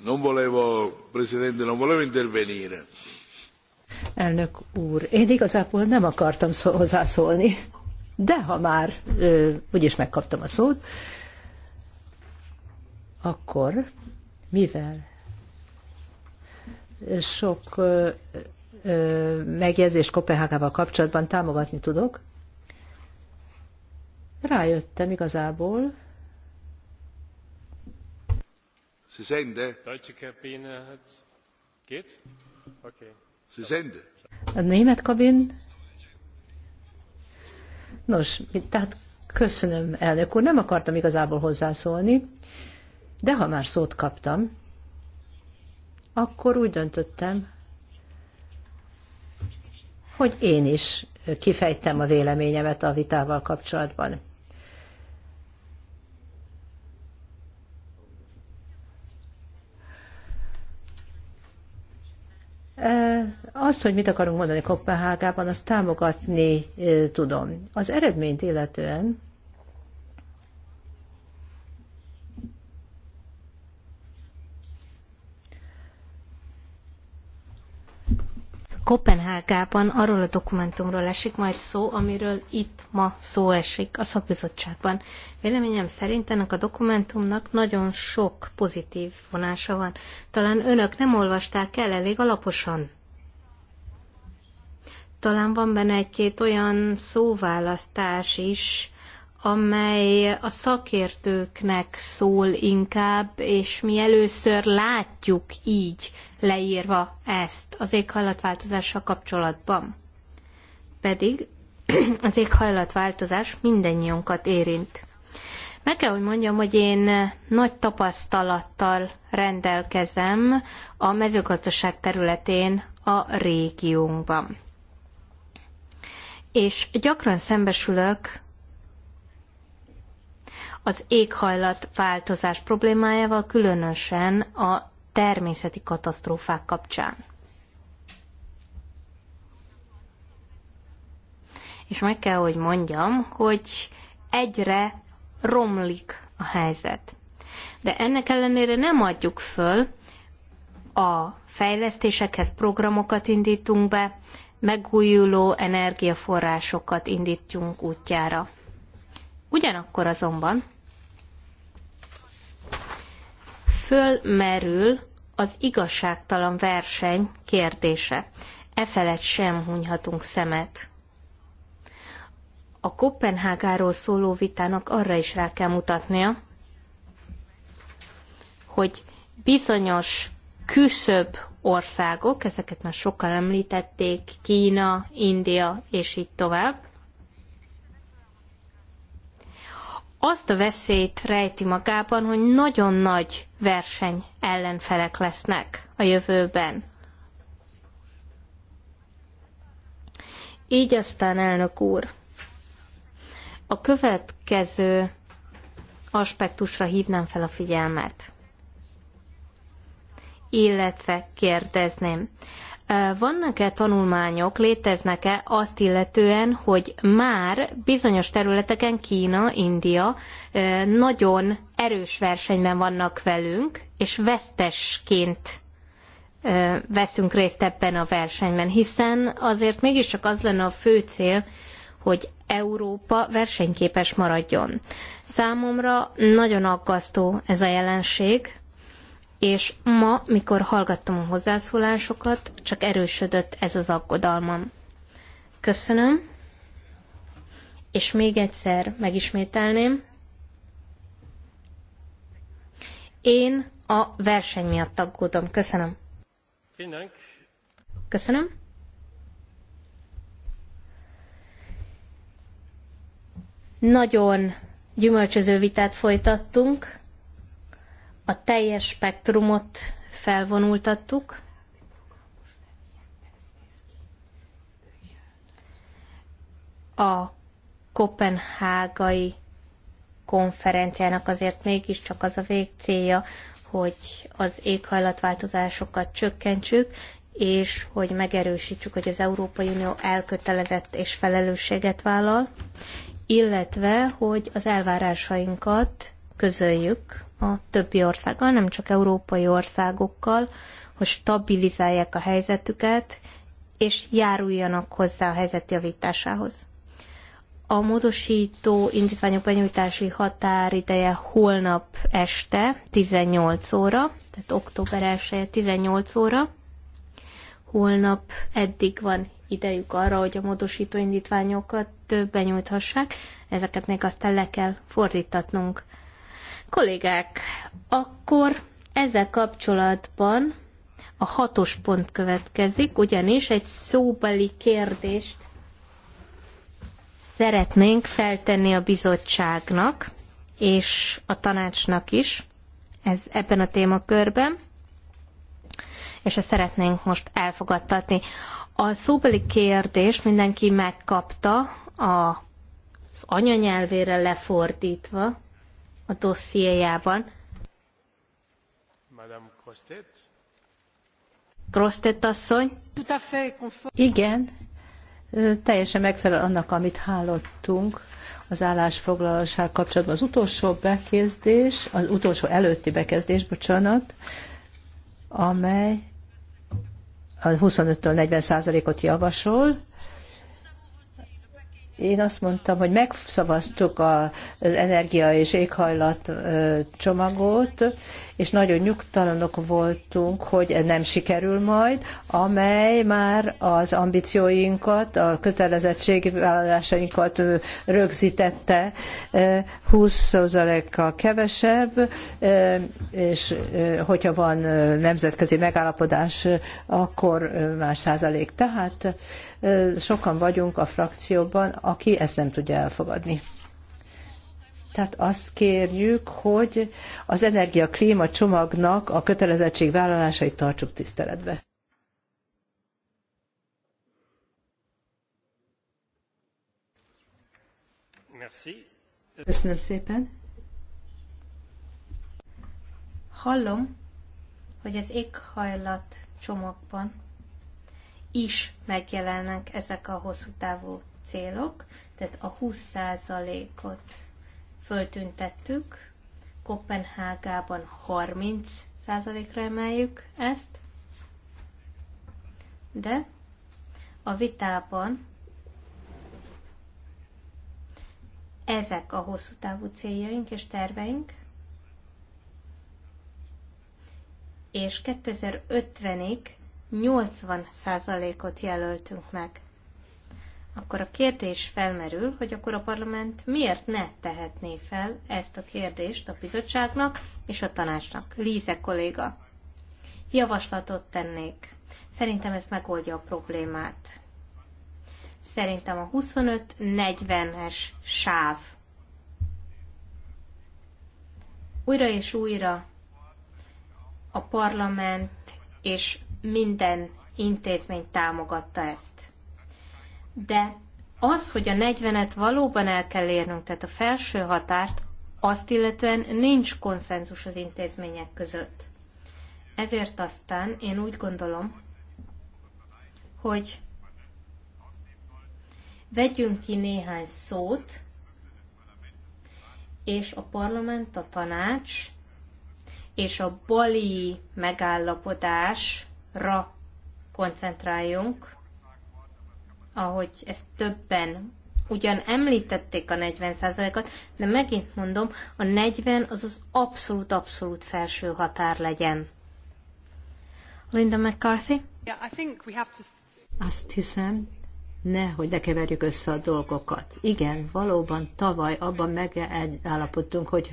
non volevo, Presidente, non volevo intervenire. Elnök úr, én igazából nem akartam szó, hozzászólni, de ha már ö, úgyis megkaptam a szót, akkor mivel sok ö, megjegyzést Kopenhágával kapcsolatban támogatni tudok. Rájöttem igazából. Sie sende. Deutsche Kabine hat... geht? Okay. Sie sende. A német kabin? Nos, tehát köszönöm, elnök úr. Nem akartam igazából hozzászólni, de ha már szót kaptam, akkor úgy döntöttem, hogy én is kifejtem a véleményemet a vitával kapcsolatban. Az, hogy mit akarunk mondani Kopenhágában, azt támogatni tudom. Az eredményt illetően Kopenhágában arról a dokumentumról esik majd szó, amiről itt ma szó esik a szakbizottságban. Véleményem szerint ennek a dokumentumnak nagyon sok pozitív vonása van. Talán önök nem olvasták el elég alaposan. Talán van benne egy-két olyan szóválasztás is, amely a szakértőknek szól inkább, és mi először látjuk így leírva ezt az éghajlatváltozással kapcsolatban. Pedig <clears throat> az éghajlatváltozás mindannyiunkat érint. Meg kell, hogy mondjam, hogy én nagy tapasztalattal rendelkezem a mezőgazdaság területén a régiónkban. És gyakran szembesülök az éghajlatváltozás problémájával, különösen a természeti katasztrófák kapcsán. És meg kell, hogy mondjam, hogy egyre romlik a helyzet. De ennek ellenére nem adjuk föl, a fejlesztésekhez programokat indítunk be, megújuló energiaforrásokat indítjunk útjára. Ugyanakkor azonban fölmerül az igazságtalan verseny kérdése. Efelet sem hunyhatunk szemet. A Kopenhágáról szóló vitának arra is rá kell mutatnia, hogy bizonyos küszöbb országok, ezeket már sokan említették, Kína, India és így tovább, azt a veszélyt rejti magában, hogy nagyon nagy verseny ellenfelek lesznek a jövőben. Így aztán, elnök úr, a következő aspektusra hívnám fel a figyelmet illetve kérdezném. Vannak-e tanulmányok, léteznek-e azt illetően, hogy már bizonyos területeken Kína, India nagyon erős versenyben vannak velünk, és vesztesként veszünk részt ebben a versenyben, hiszen azért mégiscsak az lenne a fő cél, hogy Európa versenyképes maradjon. Számomra nagyon aggasztó ez a jelenség, és ma, mikor hallgattam a hozzászólásokat, csak erősödött ez az aggodalmam. Köszönöm, és még egyszer megismételném. Én a verseny miatt aggódom. Köszönöm. Köszönöm. Nagyon gyümölcsöző vitát folytattunk a teljes spektrumot felvonultattuk, a kopenhágai konferenciának azért mégiscsak az a végcélja, hogy az éghajlatváltozásokat csökkentsük, és hogy megerősítsük, hogy az Európai Unió elkötelezett és felelősséget vállal, illetve, hogy az elvárásainkat közöljük a többi országgal, nem csak európai országokkal, hogy stabilizálják a helyzetüket, és járuljanak hozzá a helyzet javításához. A módosító indítványok benyújtási határideje holnap este 18 óra, tehát október 1 18 óra. Holnap eddig van idejük arra, hogy a módosító indítványokat benyújthassák, ezeket még aztán le kell fordítatnunk. Kollégák, akkor ezzel kapcsolatban a hatos pont következik, ugyanis egy szóbeli kérdést szeretnénk feltenni a bizottságnak és a tanácsnak is ez, ebben a témakörben, és ezt szeretnénk most elfogadtatni. A szóbeli kérdést mindenki megkapta a, az anyanyelvére lefordítva, a dossziéjában. Madame Crostet. Crostet asszony. Igen, teljesen megfelel annak, amit hallottunk az állásfoglalással kapcsolatban. Az utolsó bekezdés, az utolsó előtti bekezdés, bocsánat, amely a 25-től 40 ot javasol, én azt mondtam, hogy megszavaztuk az energia és éghajlat csomagot, és nagyon nyugtalanok voltunk, hogy nem sikerül majd, amely már az ambícióinkat, a kötelezettségi vállalásainkat rögzítette 20%-kal kevesebb, és hogyha van nemzetközi megállapodás, akkor más százalék. Tehát sokan vagyunk a frakcióban, aki ezt nem tudja elfogadni. Tehát azt kérjük, hogy az energia-klíma csomagnak a vállalásait tartsuk tiszteletbe. Köszönöm szépen. Hallom, hogy az éghajlat csomagban is megjelennek ezek a hosszú távú célok, tehát a 20%-ot föltüntettük, Kopenhágában 30%-ra emeljük ezt, de a vitában ezek a hosszú távú céljaink és terveink, és 2050-ig 80%-ot jelöltünk meg. Akkor a kérdés felmerül, hogy akkor a parlament miért ne tehetné fel ezt a kérdést a bizottságnak és a tanácsnak. Líze kolléga, javaslatot tennék. Szerintem ez megoldja a problémát. Szerintem a 25-40-es sáv újra és újra a parlament és minden intézmény támogatta ezt. De az, hogy a 40-et valóban el kell érnünk, tehát a felső határt, azt illetően nincs konszenzus az intézmények között. Ezért aztán én úgy gondolom, hogy vegyünk ki néhány szót, és a parlament, a tanács és a bali megállapodás ra koncentráljunk, ahogy ezt többen ugyan említették a 40%-at, de megint mondom, a 40 az az abszolút-abszolút felső határ legyen. Linda McCarthy? Yeah, I think we have to... Azt hiszem, ne, hogy ne keverjük össze a dolgokat. Igen, valóban tavaly abban megállapodtunk, hogy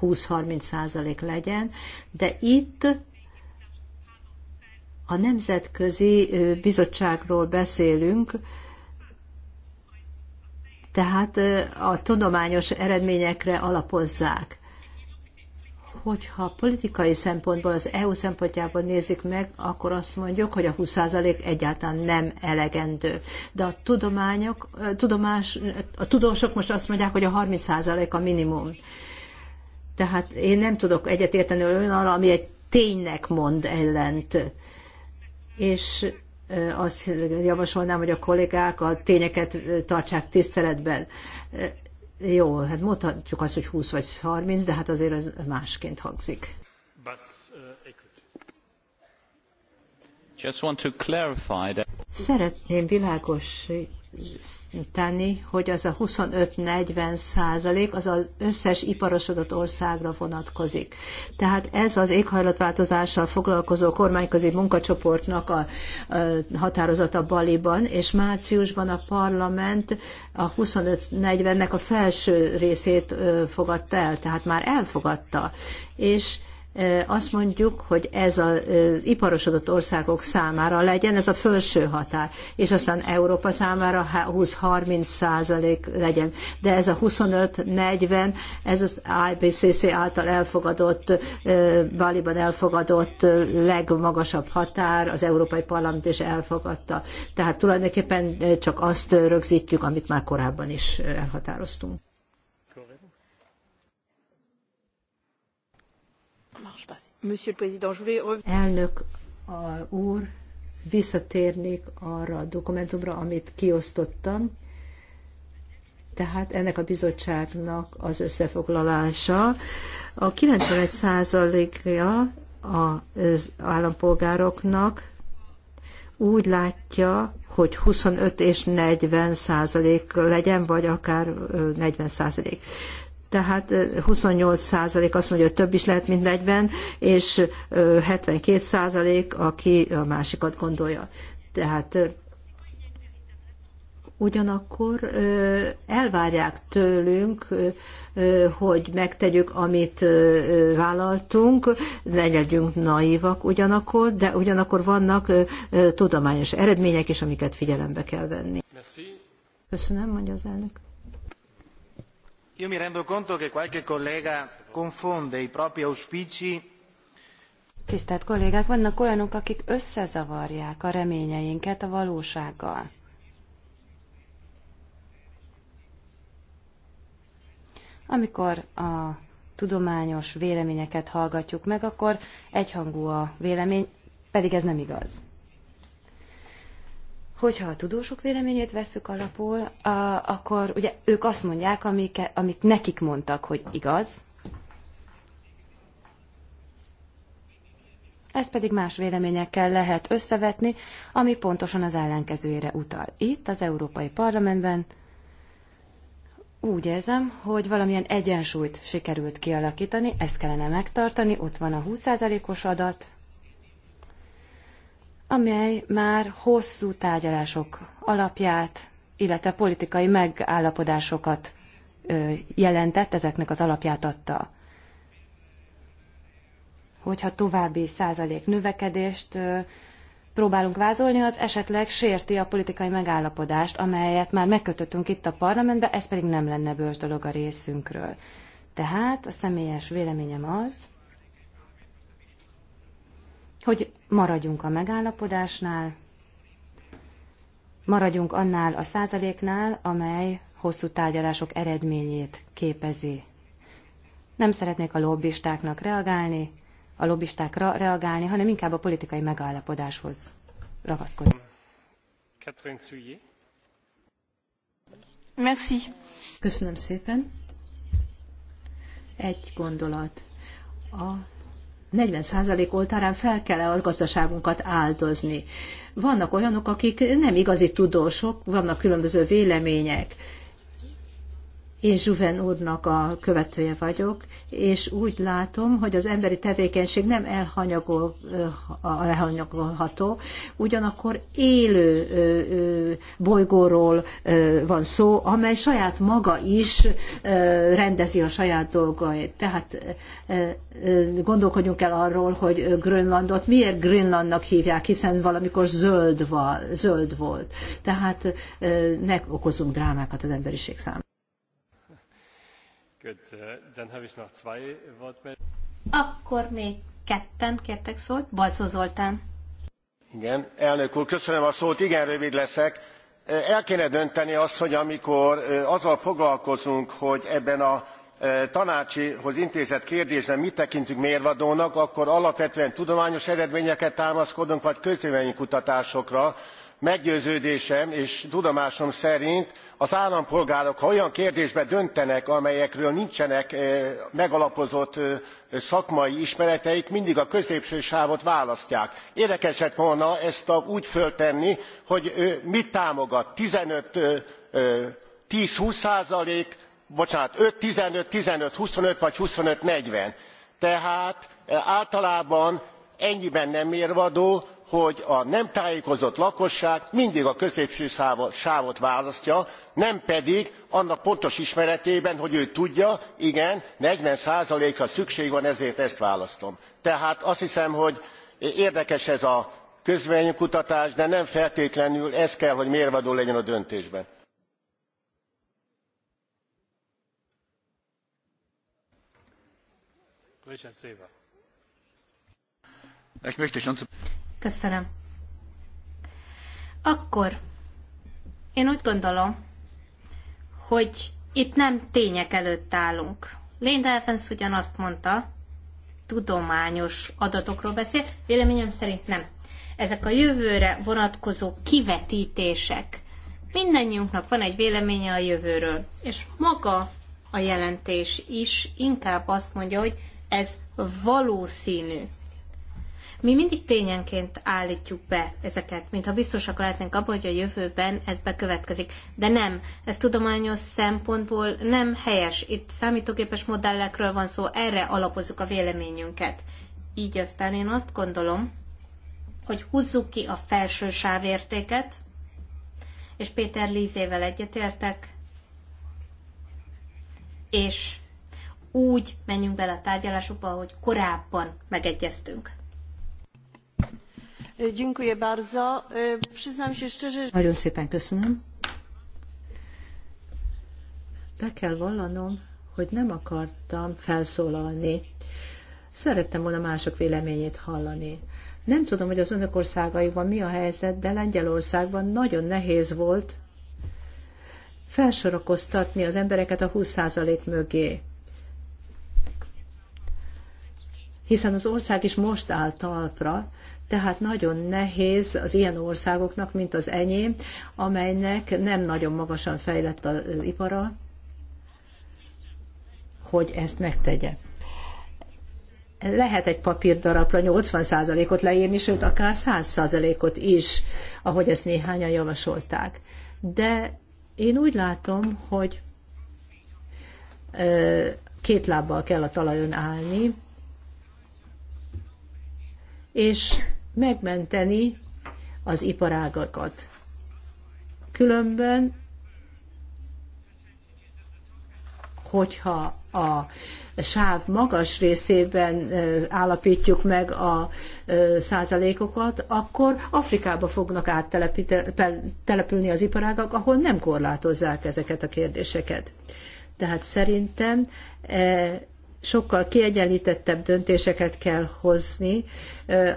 20-30 százalék legyen, de itt a nemzetközi bizottságról beszélünk, tehát a tudományos eredményekre alapozzák. Hogyha politikai szempontból, az EU szempontjából nézik meg, akkor azt mondjuk, hogy a 20% egyáltalán nem elegendő. De a, tudományok, a tudomás, a tudósok most azt mondják, hogy a 30% a minimum. Tehát én nem tudok egyetérteni olyan arra, ami egy ténynek mond ellent és azt javasolnám, hogy a kollégák a tényeket tartsák tiszteletben. Jó, hát mondhatjuk azt, hogy 20 vagy 30, de hát azért ez másként hangzik. Szeretném világosítani tenni, hogy az a 25-40 százalék az az összes iparosodott országra vonatkozik. Tehát ez az éghajlatváltozással foglalkozó kormányközi munkacsoportnak a, a határozata Baliban, és márciusban a parlament a 25-40-nek a felső részét fogadta el, tehát már elfogadta. És azt mondjuk, hogy ez az iparosodott országok számára legyen, ez a felső határ, és aztán Európa számára 20-30 százalék legyen. De ez a 25-40, ez az IPCC által elfogadott, Baliban elfogadott legmagasabb határ, az Európai Parlament is elfogadta. Tehát tulajdonképpen csak azt rögzítjük, amit már korábban is elhatároztunk. Elnök úr, visszatérnék arra a dokumentumra, amit kiosztottam, tehát ennek a bizottságnak az összefoglalása. A 91%-ja az állampolgároknak úgy látja, hogy 25 és 40 százalék legyen, vagy akár 40 százalék tehát 28% azt mondja, hogy több is lehet, mint 40, és 72% aki a másikat gondolja. Tehát ugyanakkor elvárják tőlünk, hogy megtegyük, amit vállaltunk, ne legyünk naívak ugyanakkor, de ugyanakkor vannak tudományos eredmények is, amiket figyelembe kell venni. Köszönöm, mondja az elnök io mi rendo conto che qualche collega confonde i propri auspici Tisztelt kollégák, vannak olyanok, akik összezavarják a reményeinket a valósággal. Amikor a tudományos véleményeket hallgatjuk meg, akkor egyhangú a vélemény, pedig ez nem igaz. Hogyha a tudósok véleményét vesszük alapul, a, akkor ugye ők azt mondják, amike, amit nekik mondtak, hogy igaz. Ez pedig más véleményekkel lehet összevetni, ami pontosan az ellenkezőjére utal. Itt, az Európai Parlamentben úgy érzem, hogy valamilyen egyensúlyt sikerült kialakítani, ezt kellene megtartani, ott van a 20%-os adat, amely már hosszú tárgyalások alapját, illetve politikai megállapodásokat jelentett, ezeknek az alapját adta. Hogyha további százalék növekedést próbálunk vázolni, az esetleg sérti a politikai megállapodást, amelyet már megkötöttünk itt a parlamentben, ez pedig nem lenne bős dolog a részünkről. Tehát a személyes véleményem az, hogy maradjunk a megállapodásnál, maradjunk annál a százaléknál, amely hosszú tárgyalások eredményét képezi. Nem szeretnék a lobbistáknak reagálni, a lobbistákra reagálni, hanem inkább a politikai megállapodáshoz ragaszkodni. Catherine Merci. Köszönöm szépen. Egy gondolat. A 40% oltárán fel kell a gazdaságunkat áldozni. Vannak olyanok, akik nem igazi tudósok, vannak különböző vélemények én Zsuven úrnak a követője vagyok, és úgy látom, hogy az emberi tevékenység nem elhanyagol, elhanyagolható, ugyanakkor élő bolygóról van szó, amely saját maga is rendezi a saját dolgait. Tehát gondolkodjunk el arról, hogy Grönlandot miért Grönlandnak hívják, hiszen valamikor zöld, val, zöld volt. Tehát ne okozunk drámákat az emberiség számára. Good, dann uh, habe ich noch zwei Akkor még ketten kértek szót. Balcó Zoltán. Igen, elnök úr, köszönöm a szót, igen rövid leszek. El kéne dönteni azt, hogy amikor azzal foglalkozunk, hogy ebben a tanácsihoz intézett kérdésben mit tekintünk mérvadónak akkor alapvetően tudományos eredményekre támaszkodunk vagy közvéleménykutatásokra meggyőződésem és tudomásom szerint az állampolgárok ha olyan kérdésben döntenek amelyekről nincsenek megalapozott szakmai ismereteik mindig a középső sávot választják. érdekes lett volna ezt úgy föltenni hogy mit támogat fifteen ten twenty százalék bocsánat five fifteen fifteen twenty five vagy twenty five forty tehát általában ennyiben nem mérvadó hogy a nem tájékozott lakosság mindig a középső sávot választja nem pedig annak pontos ismeretében hogy ő tudja igen forty ra szükség van ezért ezt választom. tehát azt hiszem hogy érdekes ez a közvéleménykutatás de nem feltétlenül ez kell hogy mérvadó legyen a döntésben. Köszönöm. Akkor én úgy gondolom, hogy itt nem tények előtt állunk. Linda Evans ugyanazt mondta, tudományos adatokról beszél, véleményem szerint nem. Ezek a jövőre vonatkozó kivetítések. Mindennyiunknak van egy véleménye a jövőről, és maga a jelentés is inkább azt mondja, hogy ez valószínű. Mi mindig tényenként állítjuk be ezeket, mintha biztosak lehetnénk abban, hogy a jövőben ez bekövetkezik. De nem, ez tudományos szempontból nem helyes. Itt számítógépes modellekről van szó, erre alapozzuk a véleményünket. Így aztán én azt gondolom, hogy húzzuk ki a felső sávértéket, és Péter Lízével egyetértek, és úgy menjünk bele a tárgyalásokba, hogy korábban megegyeztünk. E, dziękuję bardzo. E, przyznam się szczerze... Nagyon szépen köszönöm. Be kell vallanom, hogy nem akartam felszólalni. Szerettem volna mások véleményét hallani. Nem tudom, hogy az önök országaiban mi a helyzet, de Lengyelországban nagyon nehéz volt felsorakoztatni az embereket a 20% mögé. Hiszen az ország is most áll talpra, tehát nagyon nehéz az ilyen országoknak, mint az enyém, amelynek nem nagyon magasan fejlett az ipara, hogy ezt megtegye. Lehet egy papírdarabra 80%-ot leírni, sőt, akár 100%-ot is, ahogy ezt néhányan javasolták. De én úgy látom, hogy két lábbal kell a talajon állni, és megmenteni az iparágakat. Különben, hogyha a sáv magas részében állapítjuk meg a százalékokat, akkor Afrikába fognak áttelepülni az iparágak, ahol nem korlátozzák ezeket a kérdéseket. Tehát szerintem e, sokkal kiegyenlítettebb döntéseket kell hozni,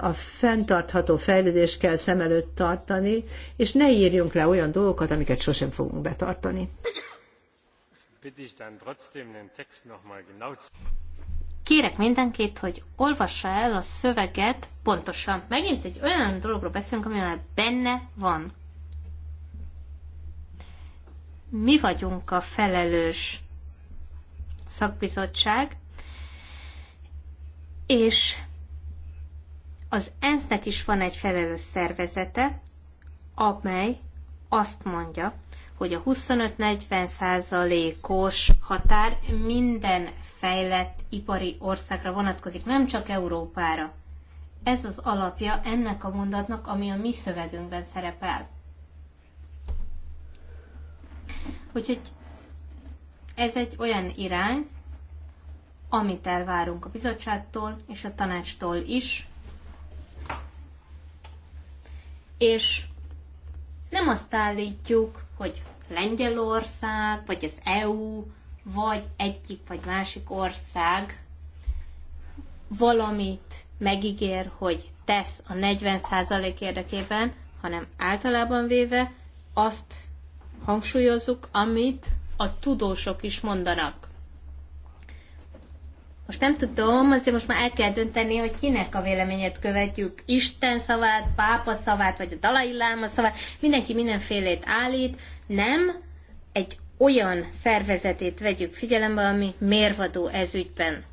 a fenntartható fejlődést kell szem előtt tartani, és ne írjunk le olyan dolgokat, amiket sosem fogunk betartani. Kérek mindenkit, hogy olvassa el a szöveget pontosan. Megint egy olyan dologról beszélünk, ami már benne van. Mi vagyunk a felelős szakbizottság, és az ENSZ-nek is van egy felelős szervezete, amely azt mondja, hogy a 25-40 százalékos határ minden fejlett ipari országra vonatkozik, nem csak Európára. Ez az alapja ennek a mondatnak, ami a mi szövegünkben szerepel. Úgyhogy ez egy olyan irány, amit elvárunk a bizottságtól és a tanácstól is, és nem azt állítjuk, hogy Lengyelország, vagy az EU, vagy egyik vagy másik ország valamit megígér, hogy tesz a 40% érdekében, hanem általában véve azt hangsúlyozzuk, amit a tudósok is mondanak. Most nem tudom, azért most már el kell dönteni, hogy kinek a véleményét követjük. Isten szavát, pápa szavát, vagy a Dalai Láma szavát. Mindenki mindenfélét állít. Nem egy olyan szervezetét vegyük figyelembe, ami mérvadó ez ügyben.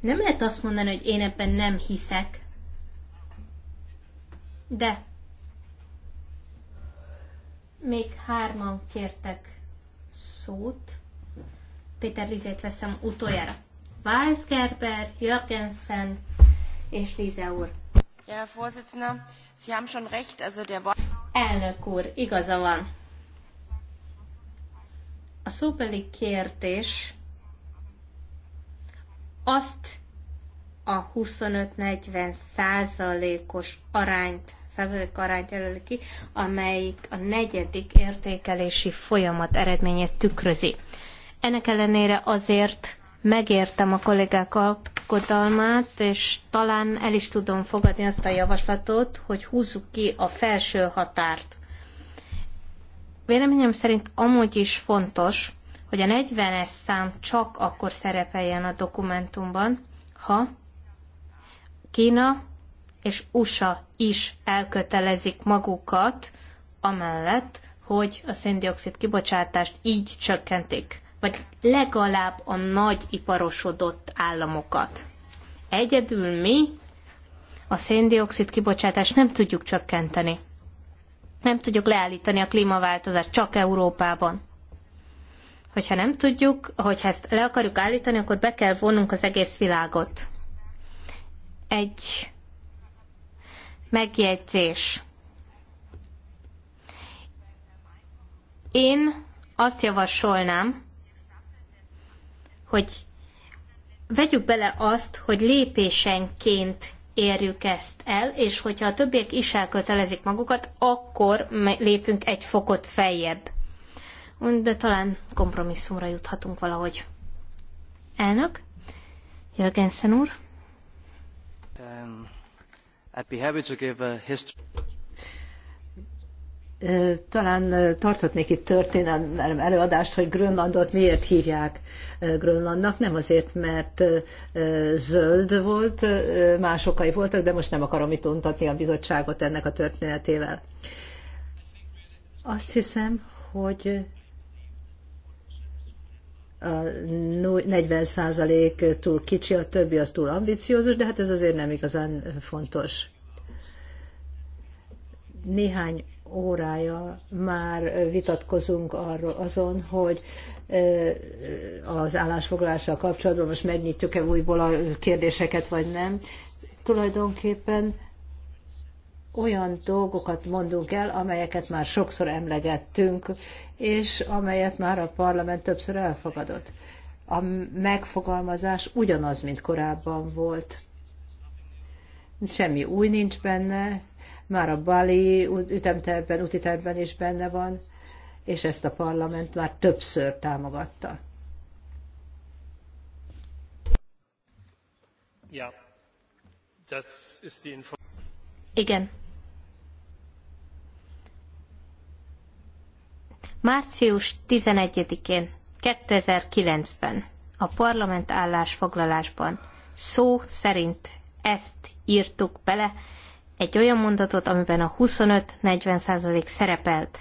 Nem lehet azt mondani, hogy én ebben nem hiszek. De még hárman kértek szót. Péter Lizét veszem utoljára. Gerber, Jörgensen és Lize úr. Ja, Herr Vorsitzender, Sie haben schon recht, also der Elnök úr, igaza van. A szóbeli kérdés azt a 25-40 százalékos arányt, százalék arányt jelöli ki, amelyik a negyedik értékelési folyamat eredményét tükrözi. Ennek ellenére azért megértem a kollégák aggodalmát, és talán el is tudom fogadni azt a javaslatot, hogy húzzuk ki a felső határt. Véleményem szerint amúgy is fontos, hogy a 40-es szám csak akkor szerepeljen a dokumentumban, ha Kína és USA is elkötelezik magukat amellett, hogy a széndiokszid kibocsátást így csökkentik vagy legalább a nagy iparosodott államokat. Egyedül mi a széndiokszid kibocsátást nem tudjuk csökkenteni. Nem tudjuk leállítani a klímaváltozást csak Európában. Hogyha nem tudjuk, hogyha ezt le akarjuk állítani, akkor be kell vonnunk az egész világot. Egy megjegyzés. Én azt javasolnám, hogy vegyük bele azt, hogy lépésenként érjük ezt el, és hogyha a többiek is elkötelezik magukat, akkor lépünk egy fokot feljebb. De talán kompromisszumra juthatunk valahogy. Elnök? Jörgensen úr? Um, I'd be happy to give a history. Talán tarthatnék itt történelem előadást, hogy Grönlandot miért hívják Grönlandnak. Nem azért, mert zöld volt, más okai voltak, de most nem akarom itt untatni a bizottságot ennek a történetével. Azt hiszem, hogy a 40 túl kicsi, a többi az túl ambiciózus, de hát ez azért nem igazán fontos. Néhány órája már vitatkozunk arról azon, hogy az állásfoglalással kapcsolatban most megnyitjuk-e újból a kérdéseket, vagy nem. Tulajdonképpen olyan dolgokat mondunk el, amelyeket már sokszor emlegettünk, és amelyet már a parlament többször elfogadott. A megfogalmazás ugyanaz, mint korábban volt. Semmi új nincs benne, már a Bali ütemterben, útiterben is benne van, és ezt a parlament már többször támogatta. Ja, das ist die Info Igen. Március 11-én 2009-ben a parlament állásfoglalásban szó szerint ezt írtuk bele, egy olyan mondatot, amiben a 25-40 százalék szerepelt.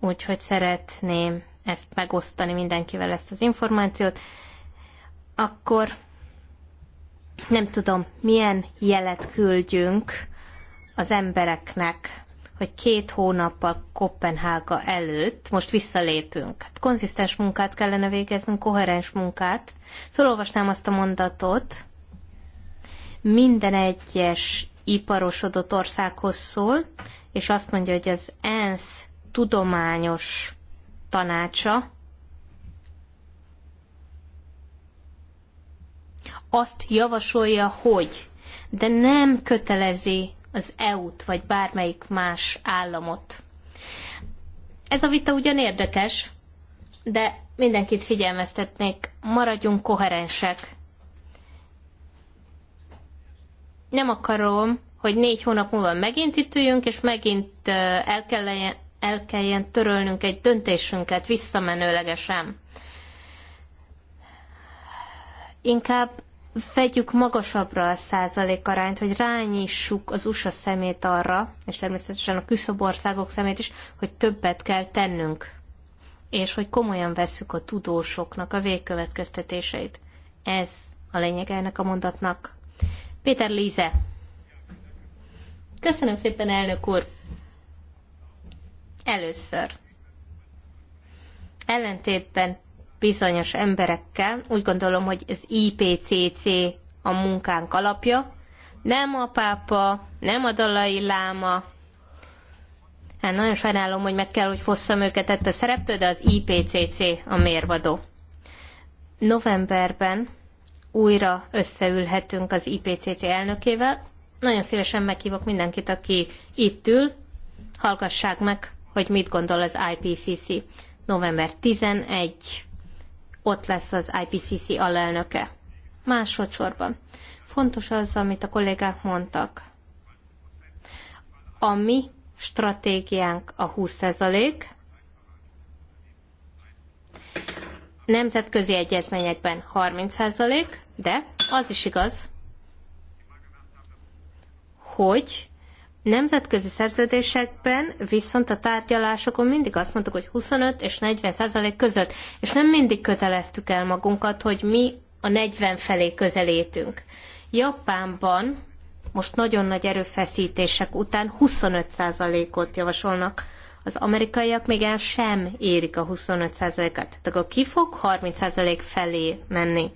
Úgyhogy szeretném ezt megosztani mindenkivel, ezt az információt. Akkor nem tudom, milyen jelet küldjünk az embereknek, hogy két hónappal Kopenhága előtt most visszalépünk. Hát konzisztens munkát kellene végeznünk, koherens munkát. Felolvasnám azt a mondatot, minden egyes iparosodott országhoz szól, és azt mondja, hogy az ENSZ tudományos tanácsa azt javasolja, hogy, de nem kötelezi az EU-t vagy bármelyik más államot. Ez a vita ugyan érdekes, de mindenkit figyelmeztetnék, maradjunk koherensek. nem akarom, hogy négy hónap múlva megint itt üljünk, és megint el kelljen, el kelljen törölnünk egy döntésünket visszamenőlegesen. Inkább vegyük magasabbra a százalék arányt, hogy rányissuk az USA szemét arra, és természetesen a küszöbországok szemét is, hogy többet kell tennünk, és hogy komolyan vesszük a tudósoknak a végkövetkeztetéseit. Ez a lényeg ennek a mondatnak. Péter Líze. Köszönöm szépen, elnök úr. Először. Ellentétben bizonyos emberekkel, úgy gondolom, hogy az IPCC a munkánk alapja, nem a pápa, nem a dalai láma. Hát nagyon sajnálom, hogy meg kell, hogy fosszam őket ettől a szereptől, de az IPCC a mérvadó. Novemberben újra összeülhetünk az IPCC elnökével. Nagyon szívesen meghívok mindenkit, aki itt ül, hallgassák meg, hogy mit gondol az IPCC. November 11 ott lesz az IPCC alelnöke. Másodszorban. Fontos az, amit a kollégák mondtak. A mi stratégiánk a 20 nemzetközi egyezményekben 30%, de az is igaz, hogy nemzetközi szerződésekben viszont a tárgyalásokon mindig azt mondtuk, hogy 25 és 40 százalék között, és nem mindig köteleztük el magunkat, hogy mi a 40 felé közelítünk. Japánban most nagyon nagy erőfeszítések után 25 százalékot javasolnak az amerikaiak még el sem érik a 25%-át. Tehát akkor ki fog 30% felé menni?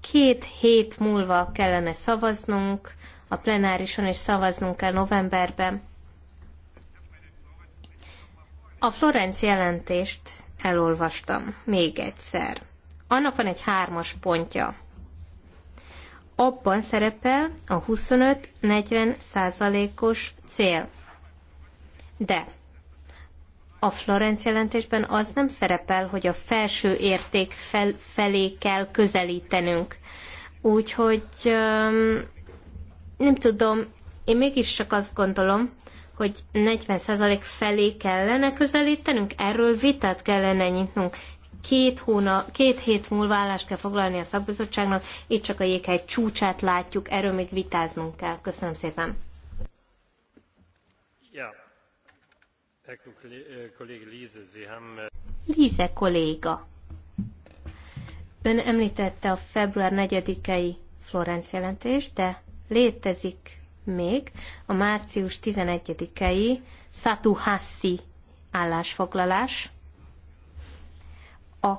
Két hét múlva kellene szavaznunk, a plenárison is szavaznunk kell novemberben. A Florence jelentést elolvastam még egyszer. Annak van egy hármas pontja. Abban szerepel a 25-40 százalékos cél. De a Florence jelentésben az nem szerepel, hogy a felső érték fel, felé kell közelítenünk. Úgyhogy nem tudom, én mégis csak azt gondolom, hogy 40% felé kellene közelítenünk, erről vitát kellene nyitnunk. Két, hóna, két hét múlva állást kell foglalni a szakbizottságnak, itt csak a jéghegy csúcsát látjuk, erről még vitáznunk kell. Köszönöm szépen. Líze eh, kolléga, ön említette a február 4-i Florence jelentést, de létezik még a március 11-i Satuhassi állásfoglalás, a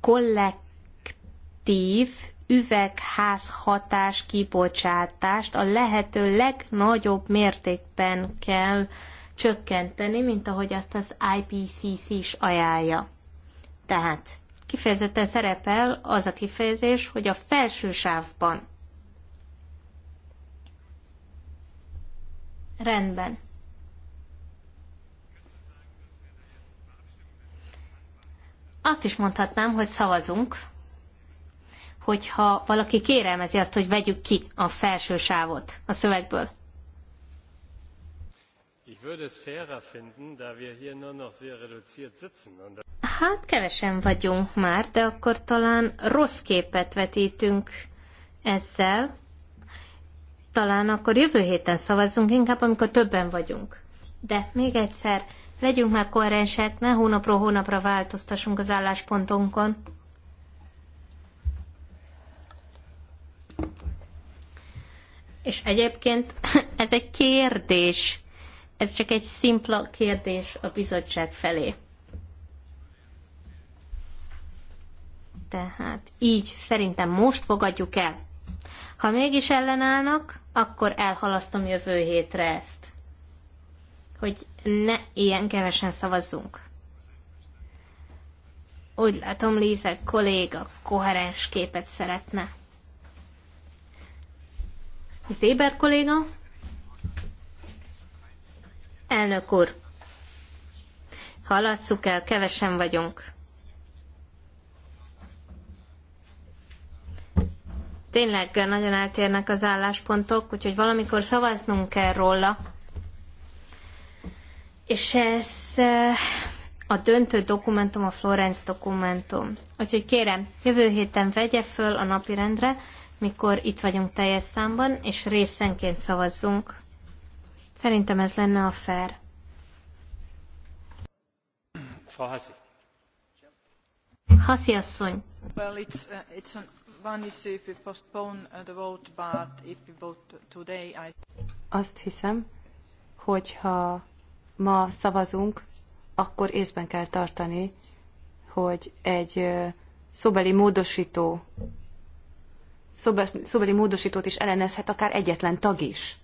kollektív üvegházhatás kibocsátást a lehető legnagyobb mértékben kell csökkenteni, mint ahogy azt az IPCC is ajánlja. Tehát kifejezetten szerepel az a kifejezés, hogy a felső sávban. Rendben. Azt is mondhatnám, hogy szavazunk, hogyha valaki kérelmezi azt, hogy vegyük ki a felső sávot a szövegből. Ich würde es fairer finden, da wir hier nur noch sehr reduziert sitzen. hát kevesen vagyunk már, de akkor talán rossz képet vetítünk ezzel. Talán akkor jövő héten szavazunk, inkább amikor többen vagyunk. De még egyszer, legyünk már koherensek, ne hónapról hónapra változtassunk az álláspontunkon. És egyébként <laughs> ez egy kérdés ez csak egy szimpla kérdés a bizottság felé. Tehát így szerintem most fogadjuk el. Ha mégis ellenállnak, akkor elhalasztom jövő hétre ezt. Hogy ne ilyen kevesen szavazzunk. Úgy látom, Líze kolléga koherens képet szeretne. Zéber kolléga? Elnök úr, halasszuk el, kevesen vagyunk. Tényleg nagyon eltérnek az álláspontok, úgyhogy valamikor szavaznunk kell róla. És ez eh, a döntő dokumentum a Florence dokumentum. Úgyhogy kérem, jövő héten vegye föl a napirendre, mikor itt vagyunk teljes számban, és részenként szavazzunk. Szerintem ez lenne a fair. Frau Hasi asszony. Well, it's, uh, it's an one issue if we postpone uh, the vote, but if we vote today, I... Azt hiszem, hogyha ma szavazunk, akkor észben kell tartani, hogy egy szóbeli módosító, szóbeli módosítót is ellenezhet akár egyetlen tag is.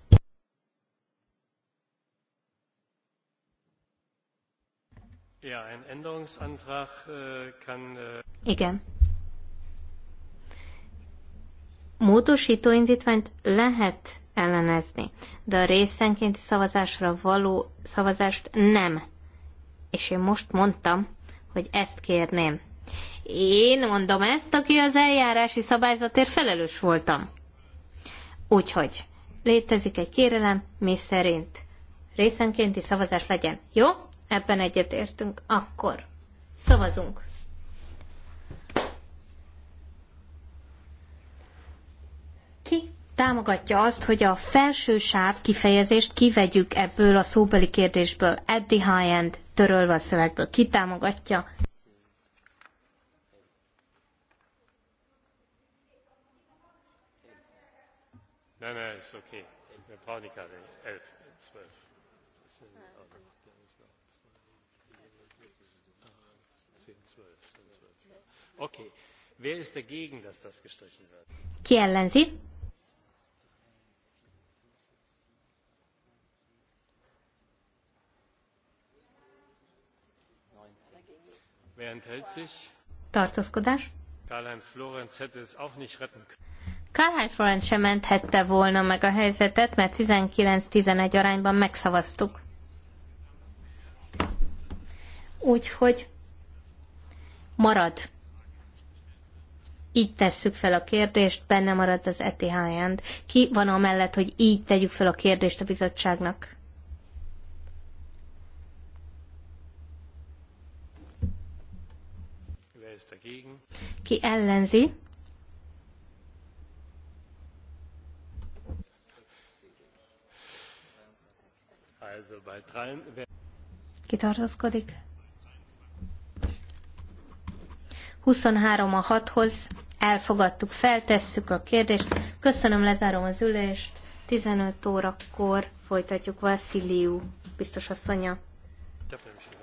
Äh, äh, Igen. Módosító indítványt lehet ellenezni, de a részenkénti szavazásra való szavazást nem. És én most mondtam, hogy ezt kérném. Én mondom ezt, aki az eljárási szabályzatért felelős voltam. Úgyhogy létezik egy kérelem, mi szerint részenkénti szavazás legyen. Jó? Ebben egyetértünk. Akkor szavazunk. Ki támogatja azt, hogy a felső sáv kifejezést kivegyük ebből a szóbeli kérdésből, at the high end, törölve a szövegből. Ki támogatja? Nem, ez oké. okay. Wir brauchen elf, zwölf. Okay. Wer ist dagegen, dass das gestrichen wird? Ki ellenzi? Wer enthält sich? Tartózkodás. Karl-Heinz Florenz hätte es auch nicht retten können. Karl-Heinz Florenz sem menthette volna meg a helyzetet, mert 19-11 arányban megszavaztuk. Úgyhogy marad így tesszük fel a kérdést, benne marad az end. Ki van amellett, hogy így tegyük fel a kérdést a bizottságnak? Ki ellenzi? Ki tartozkodik? 23 a 6-hoz elfogadtuk, feltesszük a kérdést. Köszönöm, lezárom az ülést. 15 órakor folytatjuk Vassziliu biztos asszonya. Köszönöm.